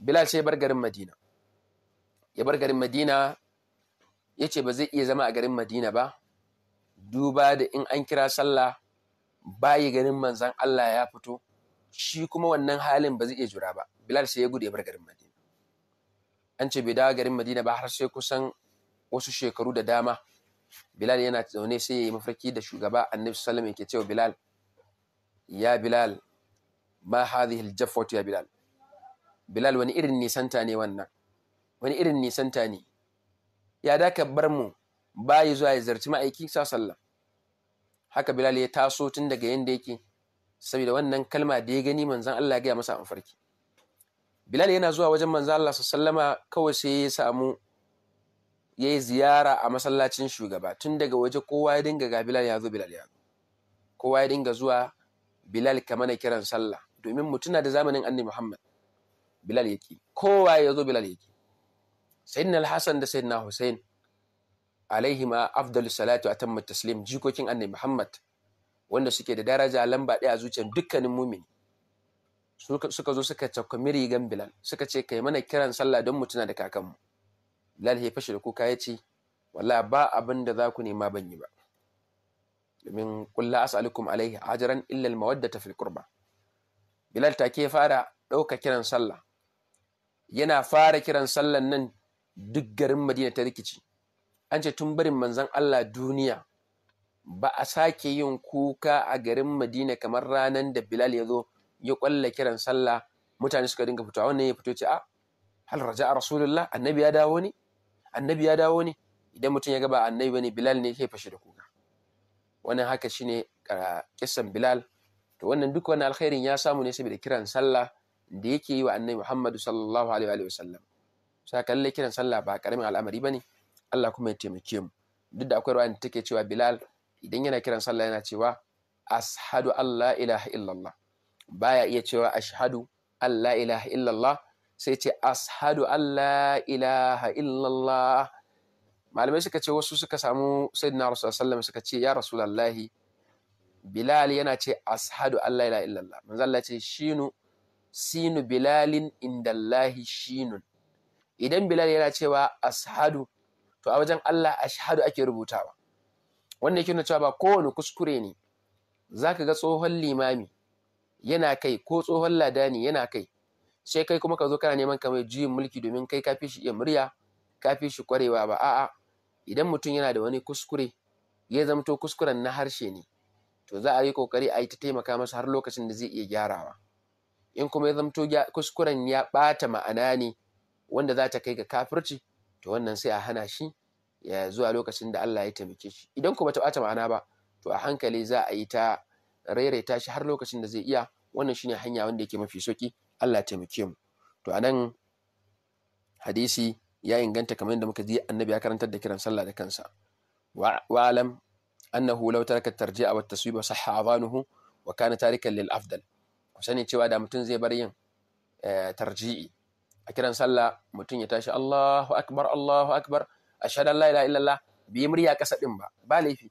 bilal sai bar garin madina ya bar garin madina yace ba zai iya zama a garin madina ba duba da in an kira sallah bayi garin manzan Allah ya fito shi kuma wannan halin ba zai iya jura ba bilal sai ya gudu ya bar garin madina an ce bai dawo garin madina ba har sai kusan wasu shekaru da dama bilal yana zaune sai ya yi mafarki da shugaba annabi sallam yake cewa bilal ya bilal ma hadhihi aljaffatu ya bilal bilal wani irin nisanta ne wannan wani irin nisanta ne ya daka bar mu bayi zuwa ya zarci ma'aiki sa haka bilal ya taso tun daga yanda yake saboda wannan kalma da ya gani manzon Allah ya gaya masa mafarki bilal yana zuwa wajen manzon Allah sallama kawai sai ya samu ya yi ziyara a masallacin shugaba tun daga waje kowa ya dinga ga bilal ya zo bilal ya zo kowa ya dinga zuwa bilal ka mana kiran sallah domin mutuna da zamanin annabi muhammad bilal yake kowa ya zo bilal yake sayyidina al da sayyidina hussein alaihima afdalus salatu atammat taslim jikokin annabi muhammad wanda suke da daraja lamba ɗaya a zuciyar dukkanin mumini suka zo suka cakwami gan bilal suka ce kai mana kiran sallah don mutuna da kakanmu bilal ya fashe da kuka ya ce wallahi ba abin da za ku nema ban yi ba domin kulla as'alukum alaihi ajaran illal mawadda fil qurba bilal ta take fara ɗauka kiran sallah yana fara kiran sallan nan duk garin madina ta rikici an ce tun barin manzon Allah duniya ba a sake yin kuka a garin madina kamar ranar da bilal ya zo ya kwalla kiran sallah mutane suka dinga fitowa wannan ya fito ce a ah, hal raja rasulullah annabi ya dawo ne annabi ya dawo ne idan mutum ya ga ba annabi wani bilal ne ke fashe da kuka wannan haka shine ah, kissan bilal to wannan duk wani alkhairin ya samu ne saboda kiran sallah da yake yi wa annabi muhammadu sallallahu alaihi wa sallam sai kalle kiran sallah ba karamin al'amari bane Allah kuma ya taimake mu duk da akwai ruwan da take cewa bilal idan yana kiran sallah yana cewa ashadu Allah ilaha illallah baya iya cewa ashadu Allah ilaha illallah sai ce ashadu Allah ilaha illallah malamai suka ce wasu suka samu sayyidina rasulullah sallam suka ce ya lallahi. bilal yana ce ashadu Allah ilaha illallah manzo Allah ce shinu sinu bilalin indallahi shinun idan bilal yana cewa ashadu to a wajen Allah ashadu ake rubutawa wannan yake nuna cewa ba kowane kuskure ne zaka ga tsohon limami yana kai ko tsohon ladani yana kai sai kai kuma ka zo kana neman ka mai juyin mulki domin kai ka fi shi iya murya ka fi shi kwarewa ba a'a idan mutum yana da wani kuskure ya zamto kuskuren na harshe ne to za a yi kokari a yi ta taimaka masa har lokacin da zai iya gyarawa in kuma ya zamto kuskuren ya ɓata ma'ana ne wanda za ta kai ga kafirci to wannan sai a hana shi ya zuwa lokacin da Allah ya taimake shi idan kuma ta ɓata ma'ana ba to a hankali za a yi ta rairaita shi har lokacin da zai iya wannan shine hanya wanda yake mafi sauki Allah taimake mu to anan hadisi ya inganta kamar yadda muka ji annabi ya karantar da kiran sallah da kansa wa alam annahu law taraka tarji'a wa taswiba sahha adhanuhu wa kana tarikan lil afdal ku sani cewa da mutum zai bar yin eh, tarji'i a kiran sallah mutum ya tashi Allahu akbar Allahu akbar ashhadu an la ilaha illallah bi murya kasa din ba ba laifi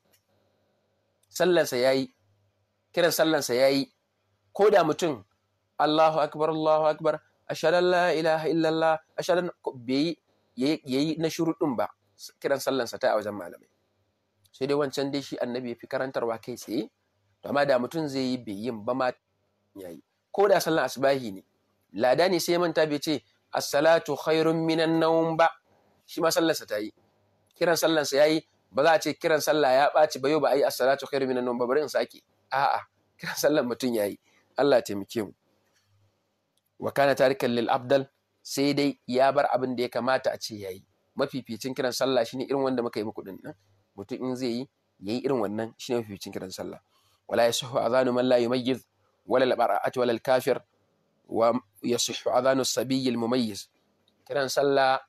sallansa yayi kiran sallansa yayi ko da mutum Allahu akbar Allahu akbar ashhadu an la ilaha illallah ashhadu bai yayi na shurudin ba kiran sallan sa ta a wajen malamai sai dai wancan dai shi annabi fi karantarwa kai tsaye to amma da mutum zai yi bai yin ba ma yayi ko da sallan asbahi ne lada ne sai manta bai ce as-salatu khairun minan nawm ba shi ma sa ta yi kiran sallansa yayi ba za a ce kiran sallah ya ɓaci ba yau ba a yi as-salatu khairun minan nawm ba bari in sake a'a kiran sallan mutum yayi Allah taimake mu wa kana tarikan lil abdal sai dai ya bar abin da ya kamata a ce yayi mafificin kiran sallah shine irin wanda muka yi muku din nan mutum in zai yi yayi irin wannan shine mafificin kiran sallah wala yasihu adhanu man la yumayyiz wala al bara'at wala al kafir wa yasihu adhanu as-sabiy al mumayyiz kiran sallah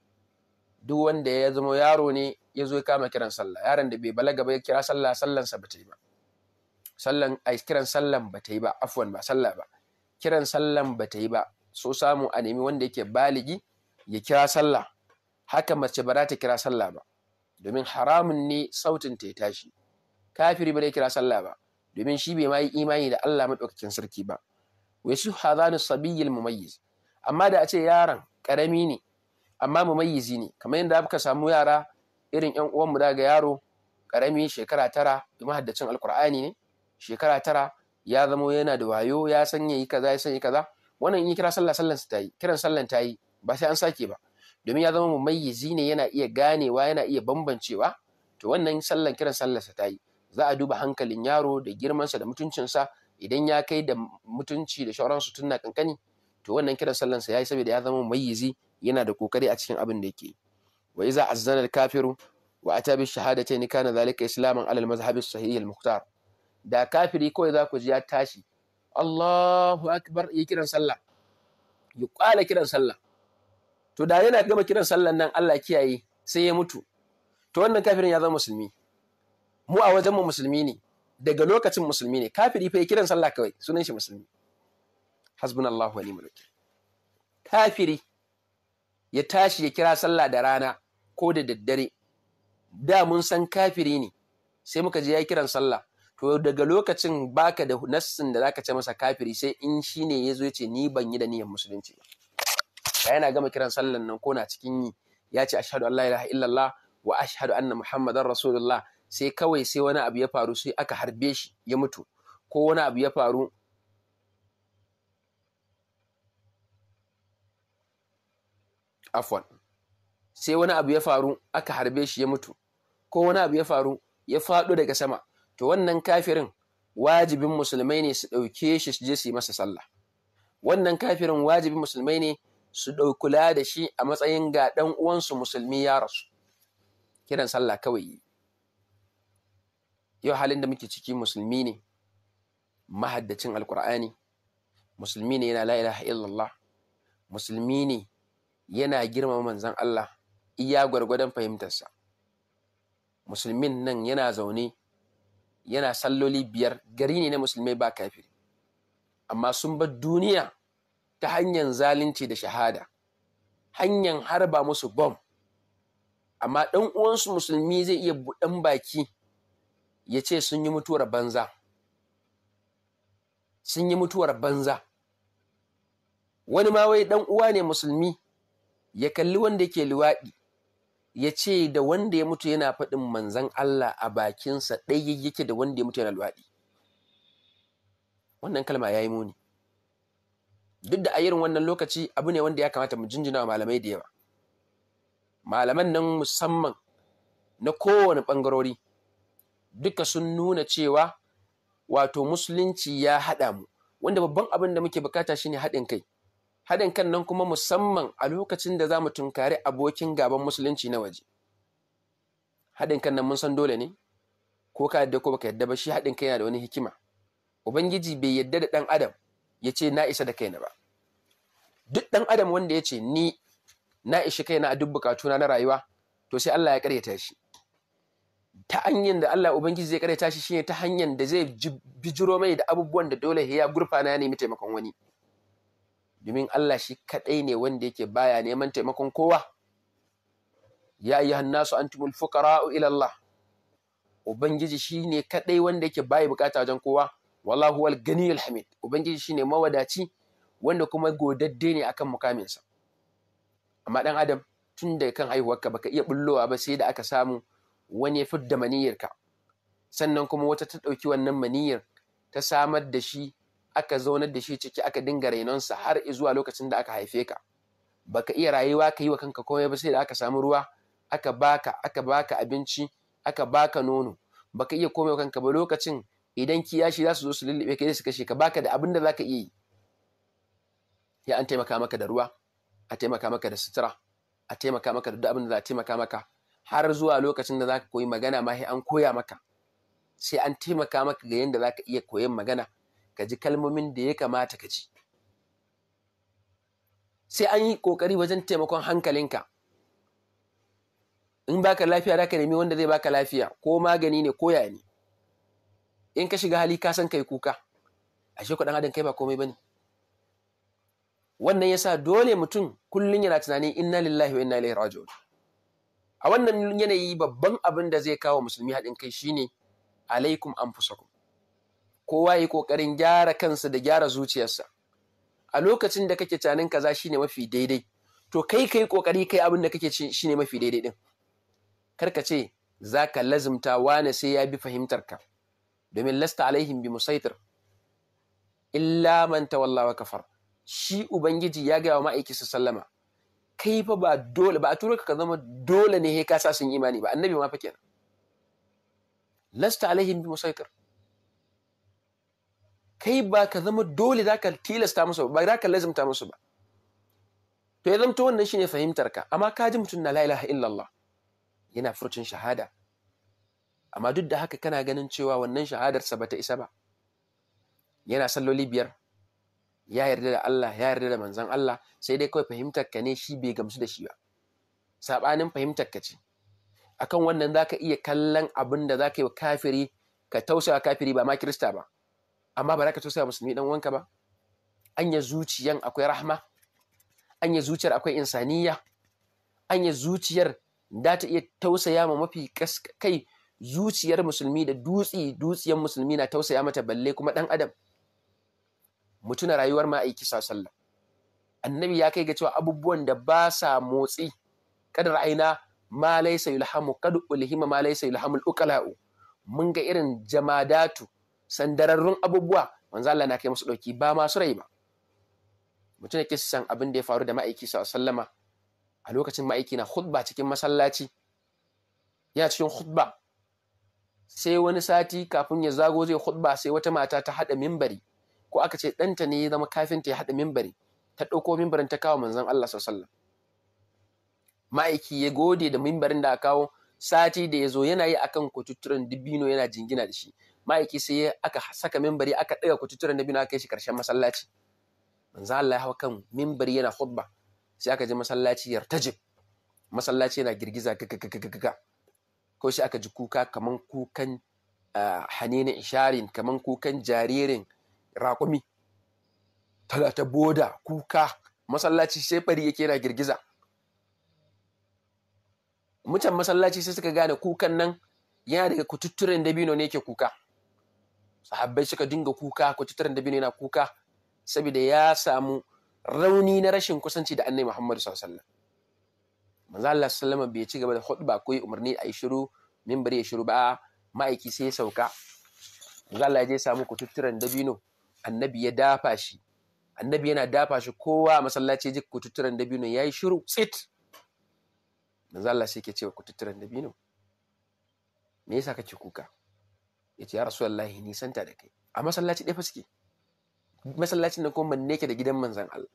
duk wanda ya zama yaro ne ya zo kama kiran sallah yaron da bai balaga ba ya kira sallah sallansa ba ta yi ba sallan ai kiran sallan bata yi ba afwan ba sallah ba kiran sallan bata yi ba so samu a nemi wanda yake baligi ya kira sallah haka mace ba za ta kira sallah ba domin haramun ne sautin ta ya tashi kafiri ba zai kira sallah ba domin shi bai ma yi imani da Allah madaukakin sarki ba wa su hadhanu sabiyil mumayyiz amma da a ce yaron karami ne amma mumayyizi ne kamar yadda aka samu yara irin yan uwan mu daga yaro karami shekara tara mahaddacin alkur'ani ne shekara tara ya zamo yana da wayo ya san yayi kaza ya san yi kaza wannan in ya kira sallah sallan ta yi kiran sallan ta yi ba sai an sake ba domin ya zama mumayyizi ne yana iya ganewa yana iya bambancewa to wannan sallan kiran sallarsa ta yi za a duba hankalin yaro da girmansa da mutuncinsa idan ya kai da mutunci da tun tunna kankani to wannan kiran sallan ya yi saboda ya zama mumayyizi yana da kokari a cikin abin da yake wa iza azzana al-kafiru wa ata bi shahadatayn kana zalika islaman ala al-mazhabi as-sahih al-mukhtar da kafiri kawai za ku ji ya tashi Allahu akbar ya kiran sallah ya kwala kiran sallah to da yana gama kiran sallan nan Allah kiyaye sai ya mutu to wannan kafirin ya zama musulmi mu a wajen mu musulmi ne daga lokacin musulmi ne kafiri fa ya kiran sallah kawai sunan shi musulmi hasbunallahu wa ni'mal wakil kafiri ya tashi ya kira sallah da rana ko da daddare da mun san kafiri ne sai muka je ya kiran sallah to daga lokacin baka da nassin da zaka ce masa kafiri sai in shine yazo yace ni ban yi da niyan musulunci ba ka yana gama kiran sallan nan ko na cikin yi ya ce ashhadu an la ilaha illallah wa ashhadu anna muhammadan rasulullah sai kawai sai wani abu ya faru sai aka harbe shi ya mutu ko wani abu ya faru afwan sai wani abu ya faru aka harbe shi ya mutu ko wani abu ya faru ya faɗo daga sama to wannan kafirin wajibin musulmai ne su ɗauke shi su je su yi masa sallah wannan kafirin wajibin musulmai ne su kula da shi a matsayin ga ɗan uwansu musulmi ya rasu kiran sallah kawai yi. yau halin da muke ciki musulmi ne mahaddacin alkur'ani musulmi ne yana la ilaha illallah musulmi ne yana girmama manzan Allah iya gwargwadon fahimtarsa musulmin nan yana zaune yana salloli biyar gari ne na musulmai ba kafiri amma sun bar duniya ta hanyar zalunci da shahada hanyar harba musu bom amma ɗan uwansu musulmi zai iya buɗan baki ya ce sun yi mutuwar banza sun yi mutuwar banza wani ma wai ɗan uwa ne musulmi ya kalli wanda ke luwaɗi ya ce da wanda ya mutu yana faɗin manzan Allah a bakinsa ɗaya yake da wanda ya mutu yana luwaɗi wannan kalma ya yi muni duk da a irin wannan lokaci abu ne wanda ya kamata mu jinjina wa malamai da yawa malaman nan musamman na kowane ɓangarori duka sun nuna cewa wato musulunci ya haɗa mu wanda babban abin da muke bukata shine haɗin kai haɗin kan nan kuma musamman a lokacin da za mu tunkari abokin gaban musulunci na waje haɗin kan nan mun san dole ne ko ka yadda ko baka yadda ba shi haɗin kai yana da wani hikima ubangiji bai yadda da ɗan adam ya ce na isa da kaina ba duk ɗan adam wanda ya ce ni na ishi kaina a duk bukatuna na rayuwa to sai Allah ya karyata shi ta hanyar da Allah Ubangiji zai karyata shi shine ta hanyar da zai bijiro mai da abubuwan da dole ya gurfana ya nemi taimakon wani domin Allah shi kaɗai ne wanda yake baya neman taimakon kowa ya ayyuhan nasu antumul fuqara'u ila ilallah ubangiji ne kaɗai wanda yake baya bukata wajen kowa wallahu wal gani hamid ubangiji shi ne mawadaci wanda kuma godadde ne akan mukaminsa amma ɗan adam tun da kan haihuwarka baka iya bullowa ba sai da aka samu wani ya fidda maniyyarka sannan kuma wata ta ɗauki wannan maniyyar ta samar da shi aka zaunar da shi ciki aka dinga rainonsa har zuwa lokacin da aka haife ka baka iya rayuwa ka yi wa kanka komai ba sai da aka samu ruwa aka baka aka baka abinci aka baka nono baka iya komai wa kanka ba lokacin idan kiyashi za su zo su lullube ka su kashe ka baka da abin da ka iya yi ya an taimaka maka da ruwa a taimaka maka da sutura a taimaka maka da abin da za a taimaka maka har zuwa lokacin da za ka koyi magana ma sai an koya maka sai an taimaka maka ga yadda za ka iya koyon magana ka ji kalmomin da ya kamata ka ji sai an yi ƙoƙari wajen taimakon hankalinka in baka lafiya za ka nemi wanda zai baka lafiya ko magani ne ko yani. in ka shiga hali ka san kai kuka ashe kuɗin adam kai ba komai bane wannan yasa dole mutum kullum yana tunanin inna lillahi wa inna ilaihi raji'un a wannan yanayi babban abin da zai kawo musulmi haɗin kai shine alaikum anfusakum kowa ya yi kokarin gyara kansa da gyara zuciyarsa a lokacin da kake tunanin kaza shine mafi daidai to kai kai kokari kai abin da kake shine mafi daidai din kar ka ce za ka lazimta wane sai ya bi fahimtarka domin lasta alaihim bi musaitir illa man tawalla kafar shi ubangiji ya gaya wa ma'aikisa sallama kai fa ba dole ba a turo ka zama dole ne ka sa sun imani ba annabi ma fa kenan lasta alaihim bi musaitir kai ba ka zama dole za ka tilasta musu ba za ka lazimta musu ba to ya zamto wannan shine fahimtar ka amma ka ji mutum na la ilaha illallah yana furcin shahada amma duk da haka kana ganin cewa wannan shahadar sa bata isa ba yana salloli biyar ya yarda da Allah ya yarda da manzan Allah sai dai kawai fahimtar ka ne shi bai gamsu da shi ba Saɓanin fahimtar ka ce akan wannan zaka iya kallon abin da zaka yi wa kafiri ka tausaya kafiri ba ma kirista ba amma ba za ka tausaya musulmi dan wanka ba anya zuciyan akwai rahma anya zuciyar akwai insaniya anya zuciyar da ta iya tausaya ma mafi kai zuciyar musulmi da dutsi dutsiyan musulmi na tausaya mata balle kuma dan adam mutuna rayuwar sa sallah annabi ya kai ga cewa abubuwan da ba sa motsi kada ra'ayina ma laysa yulhamu kad ulhima ma laysa yulhamul uqala'u mun ga irin jamadatu sandararrun abubuwa manzo Allah na kai musu dauki ba masu rai ba mutum yake san abin da ya faru da ma'aiki sallama a lokacin ma'aiki na khutba cikin masallaci ya cikin khutba sai wani sati kafin ya zago zai khutba sai wata mata ta hada mimbari ko aka ce ɗanta ne ya zama kafinta ya hada mimbari ta ɗauko mimbarin ta kawo manzon Allah sallallahu ma'aiki ya gode da mimbarin da aka kawo sati da ya zo yana yi akan kututturen dibino yana jingina da shi ma'aiki sai aka saka mimbari aka ɗaga kututturen da biyu aka yi shi ƙarshen masallaci manzo Allah ya hawa kan mimbari yana khutba sai aka ji masallaci yartajib masallaci yana girgiza gaga ko sai aka ji kuka kaman kukan hanini isharin kaman kukan jaririn raƙumi tana ta boda kuka masallaci sai fari yake yana girgiza mutan masallaci sai suka gane kukan nan yana daga kututturen dabino ne yake kuka sahabbai suka dinga kuka ko tattaran da yana kuka saboda ya samu rauni na rashin kusanci da annai muhammadu sallallahu alaihi wasallam manzo Allah sallama bai ci gaba da hudba ko yi umarni a yi shiru minbari ya shiru ba ma'aiki sai ya sauka manzo Allah ya je samu kututturan dabino annabi ya dafa shi annabi yana dafa shi kowa a masallaci ji kututturan dabino yayi shiru tsit manzo Allah sai ke cewa kututturan dabino me yasa kake kuka ya ce ya rasulullahi nisanta da kai a masallaci ɗaya fa masallacin nan kuma manne ke da gidan manzan Allah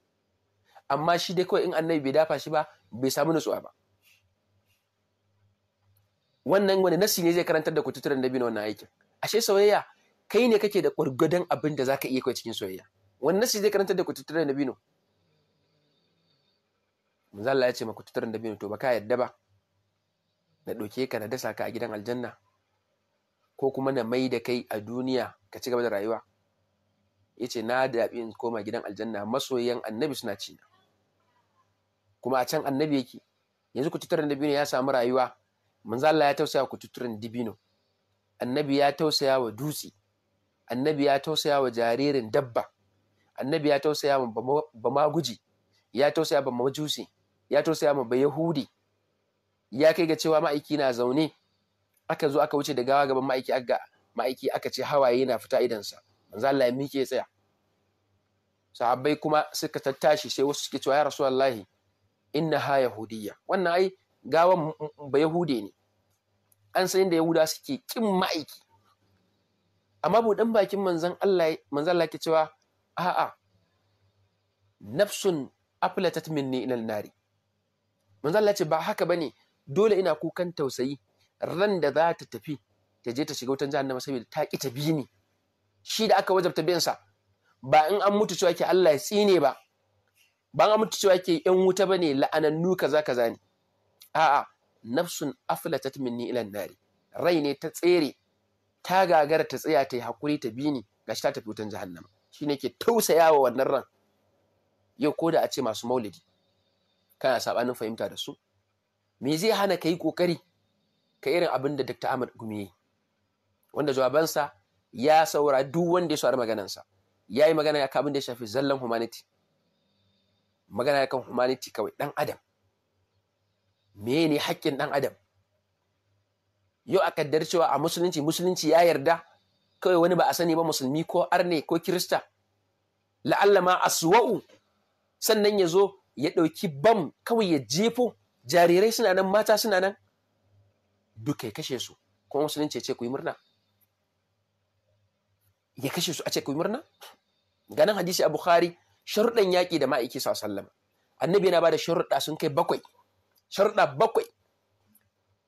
amma shi dai kawai in annabi bai dafa shi ba bai samu nutsuwa ba wannan wani nasi ne zai karantar da ku tuturan da na wannan aikin ashe soyayya kai ne kake da gwargwadon abin da zaka iya kai cikin soyayya wani nasi zai karantar da ku tuturan da bino Allah ya ce ma ku tuturan da bino to baka yadda ba na ɗauke ka na dasa ka a gidan aljanna ko kuma na mai da kai a duniya ka ci gaba da rayuwa ya ce na da in koma gidan aljanna masoyan annabi suna ci kuma a can annabi yake yanzu kututturen dabino ya samu rayuwa Manzala ya tausaya da dabino annabi ya tausaya wa dutse annabi ya tausaya wa jaririn dabba annabi ya tausaya wa bamaguji ya tausaya ba majusi ya tausaya ba bayahudi ya kai ga cewa ma'aiki na zaune aka zo aka wuce da gawa gaban ma'aiki aka ma'aiki aka ce hawaye yana fita idansa manzo Allah ya mike tsaya sahabbai kuma suka tattashi sai wasu suke cewa ya rasulullahi ha yahudiyya wannan ai gawan ba yahude ne an san inda yahuda suke kin ma'aiki amma dan bakin manzon Allah manzo Allah ke cewa a'a nafsun aflatat minni ila nari manzo Allah ce ba haka bane dole ina kukan tausayi ran da za ta tafi ta je ta shiga wutan jahannama saboda ta ki ta bi ni shi da aka wajabta bin sa ba in an mutu cewa ke Allah ya tsine ba ba an mutu cewa ke yan wuta bane la'anannu kaza kaza ne a'a nafsun aflatat minni ila nari rai ne ta tsere ta gagara ta tsaya ta yi hakuri ta bi ni shi ta tafi wutan jahannama shine ke tausayawa wannan ran yau ko da a ce masu maulidi kana sabanin fahimta da su me zai hana ka yi kokari ka irin abin da Dr. Ahmad Gumi wanda jawabansa ya saura duk wanda ya saurari maganansa ya yi magana ya kabin da ya shafi zallan humanity magana kan humanity kawai ɗan adam ne haƙƙin ɗan adam yau a kaddar cewa a musulunci musulunci ya yarda kawai wani ba a sani ba musulmi ko arne ko kirista la'alla ma aswa'u sannan ya zo ya ɗauki bam kawai ya jefo jarirai suna nan mata suna nan duka ya kashe su kuma musulunci ya ce ku yi murna ya kashe su a ce ku yi murna ganin hadisi a bukhari sharuɗan yaƙi da ma'aiki sa sallama annabi yana ba da sharuɗa sun kai bakwai sharuɗa bakwai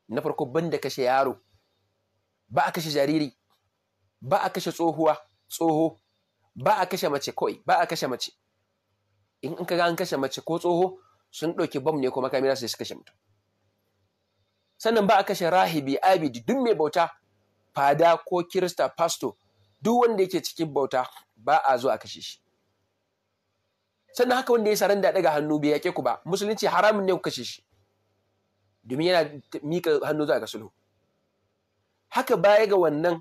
na farko ban da kashe yaro ba a kashe jariri ba a kashe tsohuwa tsoho ba a kashe mace kawai ba a kashe mace in ka ga an kashe mace ko tsoho sun ɗauki bam ne ko makamira sai su kashe mutum sannan ba a kashe rahibi abidi duk mai bauta fada ko kirista pasto duk wanda yake cikin bauta ba a zo a kashe shi sannan haka wanda ya saran da daga hannu bai yake ku ba musulunci haramun ne ku kashe shi domin yana mika hannu zuwa ga sulhu haka baya ga wannan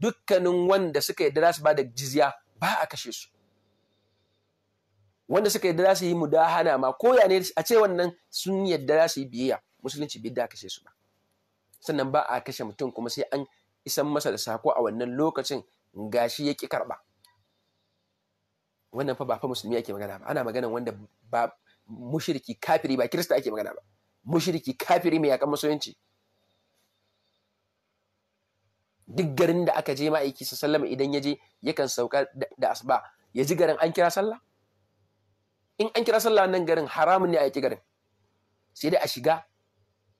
dukkanin wanda suka yi za su ba da jizya ba a kashe su wanda suka yi za su yi mudahana ma koya ya ne a ce wannan sun yi za su yi biyayya musulunci bai da kashe su ba sannan ba a kashe mutum kuma sai an isan masa da sako a wannan lokacin gashi ya ki karba wannan fa ba fa musulmi ake magana ba ana magana wanda ba mushriki kafiri ba kirista ake magana ba mushriki kafiri mai yakan musulunci duk garin da aka je ma'aiki sa sallama idan ya je yakan sauka da asuba ya ji garin an kira sallah in an kira sallah nan garin haramun ne a yaki garin sai dai a shiga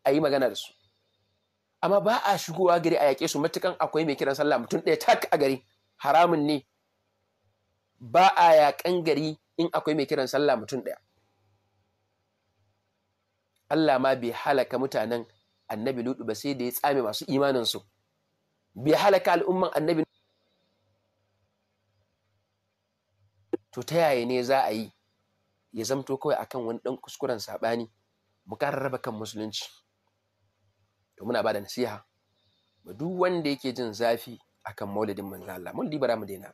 a yi magana da su amma ba a shigowa gari a yaƙe su matukan akwai mai kiran sallah mutum ɗaya tak a gari haramun ne ba a yaƙan gari in akwai mai kiran sallah mutum ɗaya Allah ma bai halaka mutanen annabi ludu ba sai da ya tsame masu imaninsu bai halaka al'umman annabi to ta yaya ne za a yi ya zamto kawai akan wani ɗan kuskuren saɓani mu ƙara raba kan musulunci to muna ba da nasiha ba duk wanda yake jin zafi akan maulidin manzo Allah mun bara mu daina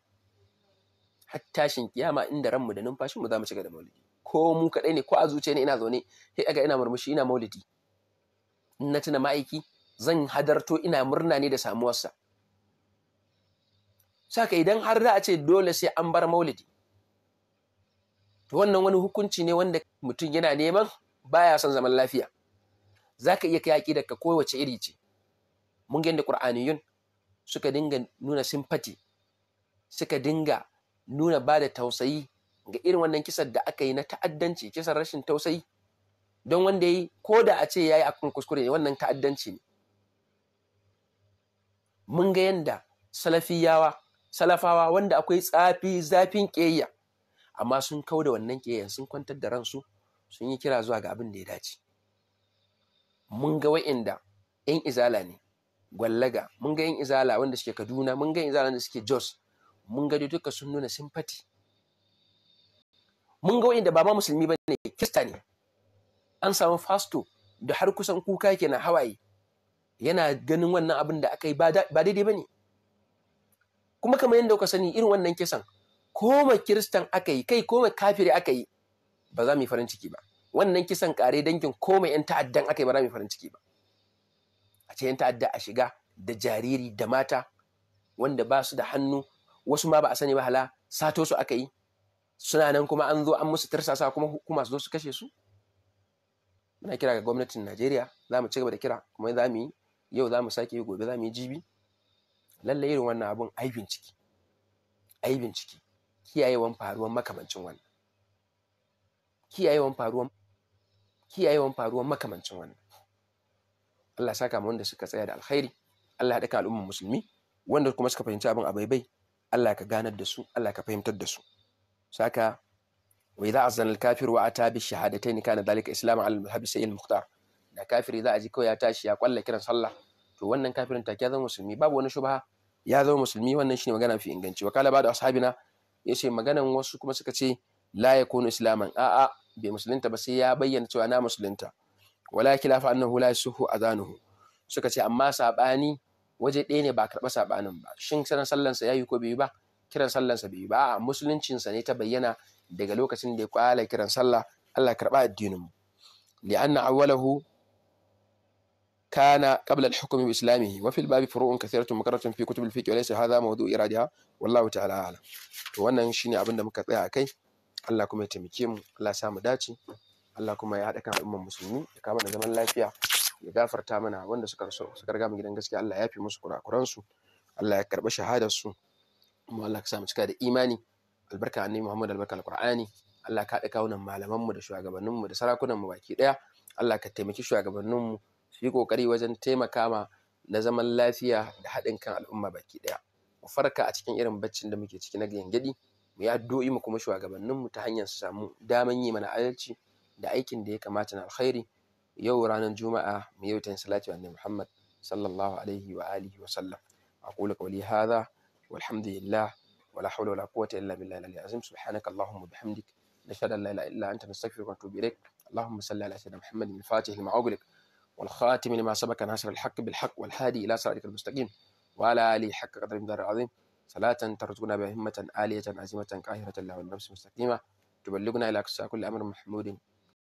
har tashin kiyama inda ran mu da numfashin mu za mu shiga da maulidi ko mu kadai ne ko a zuciya ne ina zaune sai aga ina murmushi ina maulidi in na tuna ma'aiki zan hadarto ina murna ne da samuwarsa saka idan har za a ce dole sai an bar maulidi to wannan wani hukunci ne wanda mutum yana neman baya son zaman lafiya Za ka iya kai aqidar ka kowace iri ce mun ga yadda ƙur'aniyun suka dinga nuna simfati, suka dinga nuna ba da tausayi ga irin wannan kisar da aka yi na ta'addanci kisar rashin tausayi don wanda ya yi ko da a ce ya yi akan kuskure wannan ta'addanci ne mun ga yadda salafiyawa salafawa wanda akwai tsafi zafin ƙeya amma sun kau da wannan ƙeyya sun kwantar da ransu sun yi kira zuwa ga abin da ya dace mun ga wa'inda yan izala ne gwallaga mun ga yan izala wanda suke kaduna mun ga yan izala wanda suke jos mun ga duka sun nuna sympathy mun ga wa'inda ba ma musulmi ba ne kista ne an samu fasto da har kusan kuka ke na hawaye yana ganin wannan abin da aka yi ba daidai ba ne kuma kamar yadda kuka sani irin wannan kisan ma kiristan aka yi kai ma kafiri aka yi ba za mu yi farin ciki ba wannan kisan kare dangin komai yan ta'addan aka yi ba za mu farin ciki ba a ce yan ta'adda a shiga da jariri da mata wanda ba su da hannu wasu ma ba a sani ba hala sato su aka yi suna nan kuma an zo an musu tirsasa kuma hukuma su zo su kashe su muna kira ga gwamnatin Najeriya za mu ci gaba da kira kuma za mu yi yau za mu sake yi gobe za mu yi jibi lallai irin wannan abun ai bincike ai bincike kiyayewan faruwan makamancin wannan kiyayewan faruwan kiyayewan faruwar makamancin wannan Allah saka mu wanda suka tsaya da alkhairi Allah ya haɗa al'ummar musulmi wanda kuma suka fahimci abin abai bai Allah ka ganar da su Allah ka fahimtar da su saka wa idza azana al-kafir wa ata bi shahadatayn kana dhalika islam ala al-muhabbi sayyid al-mukhtar da kafiri za a ji kawai ya tashi ya kwalla kiran sallah to wannan kafirin take ya zama musulmi babu wani shubha ya zama musulmi wannan shine magana fi inganci wa kala ba da ashabina yace maganan wasu kuma suka ce la yakunu islaman a'a bai musulunta ba sai ya bayyana cewa na musulunta wala kilafa annahu la yasuhu adhanuhu suka ce amma saɓani waje ɗaya ne ba karɓa sabanin ba shin kiran sallansa yayi ko bai ba kiran sallansa bai ba a musuluncinsa ne ta bayyana daga lokacin da ya kwala kiran sallah Allah karba addinin mu li'anna awwalahu كان قبل الحكم بإسلامه وفي الباب فروع كثيرة مكررة في كتب الفقه وليس هذا موضوع To wannan shi ne abin da muka tsaya akai Allah kuma ya taimake mu Allah sa mu dace Allah kuma ya haɗa kan al'ummar musulmi ya kama da zaman lafiya ya gafarta mana wanda suka so suka riga mu gidan gaskiya Allah ya fi musu kurakuran su Allah ya karɓi shahadar su kuma Allah ka sa cika da imani albarka annabi Muhammad albarka alqur'ani Allah ka haɗa kawunan malaman mu da shugabannin mu da sarakunan mu baki ɗaya Allah ka taimaki shugabannin mu su yi kokari wajen taimaka ma na zaman lafiya da haɗin kan al'umma baki ɗaya mu farka a cikin irin baccin da muke ciki na gyangyaɗi mu yi addu'o'i mu kuma shugabannin mu ta hanyar su samu daman yi mana adalci da aikin da ya kamata na alkhairi yau ranar juma'a mu yi ta salati wa annabi Muhammad sallallahu alaihi wa alihi wa sallam aqulu qawli hadha walhamdulillah ولا حول ولا قوة إلا بالله العلي العظيم سبحانك اللهم وبحمدك نشهد أن لا إله إلا أنت نستغفرك ونتوب إليك اللهم صل على سيدنا محمد لما والخاتم لما سبق ناصر الحق بالحق والهادي صراطك المستقيم وعلى حق قدر العظيم صلاة ترزقنا بهمة آلية عالية عزيمة قاهرة له النفس مستقيمة تبلغنا إلى أقصى كل أمر محمود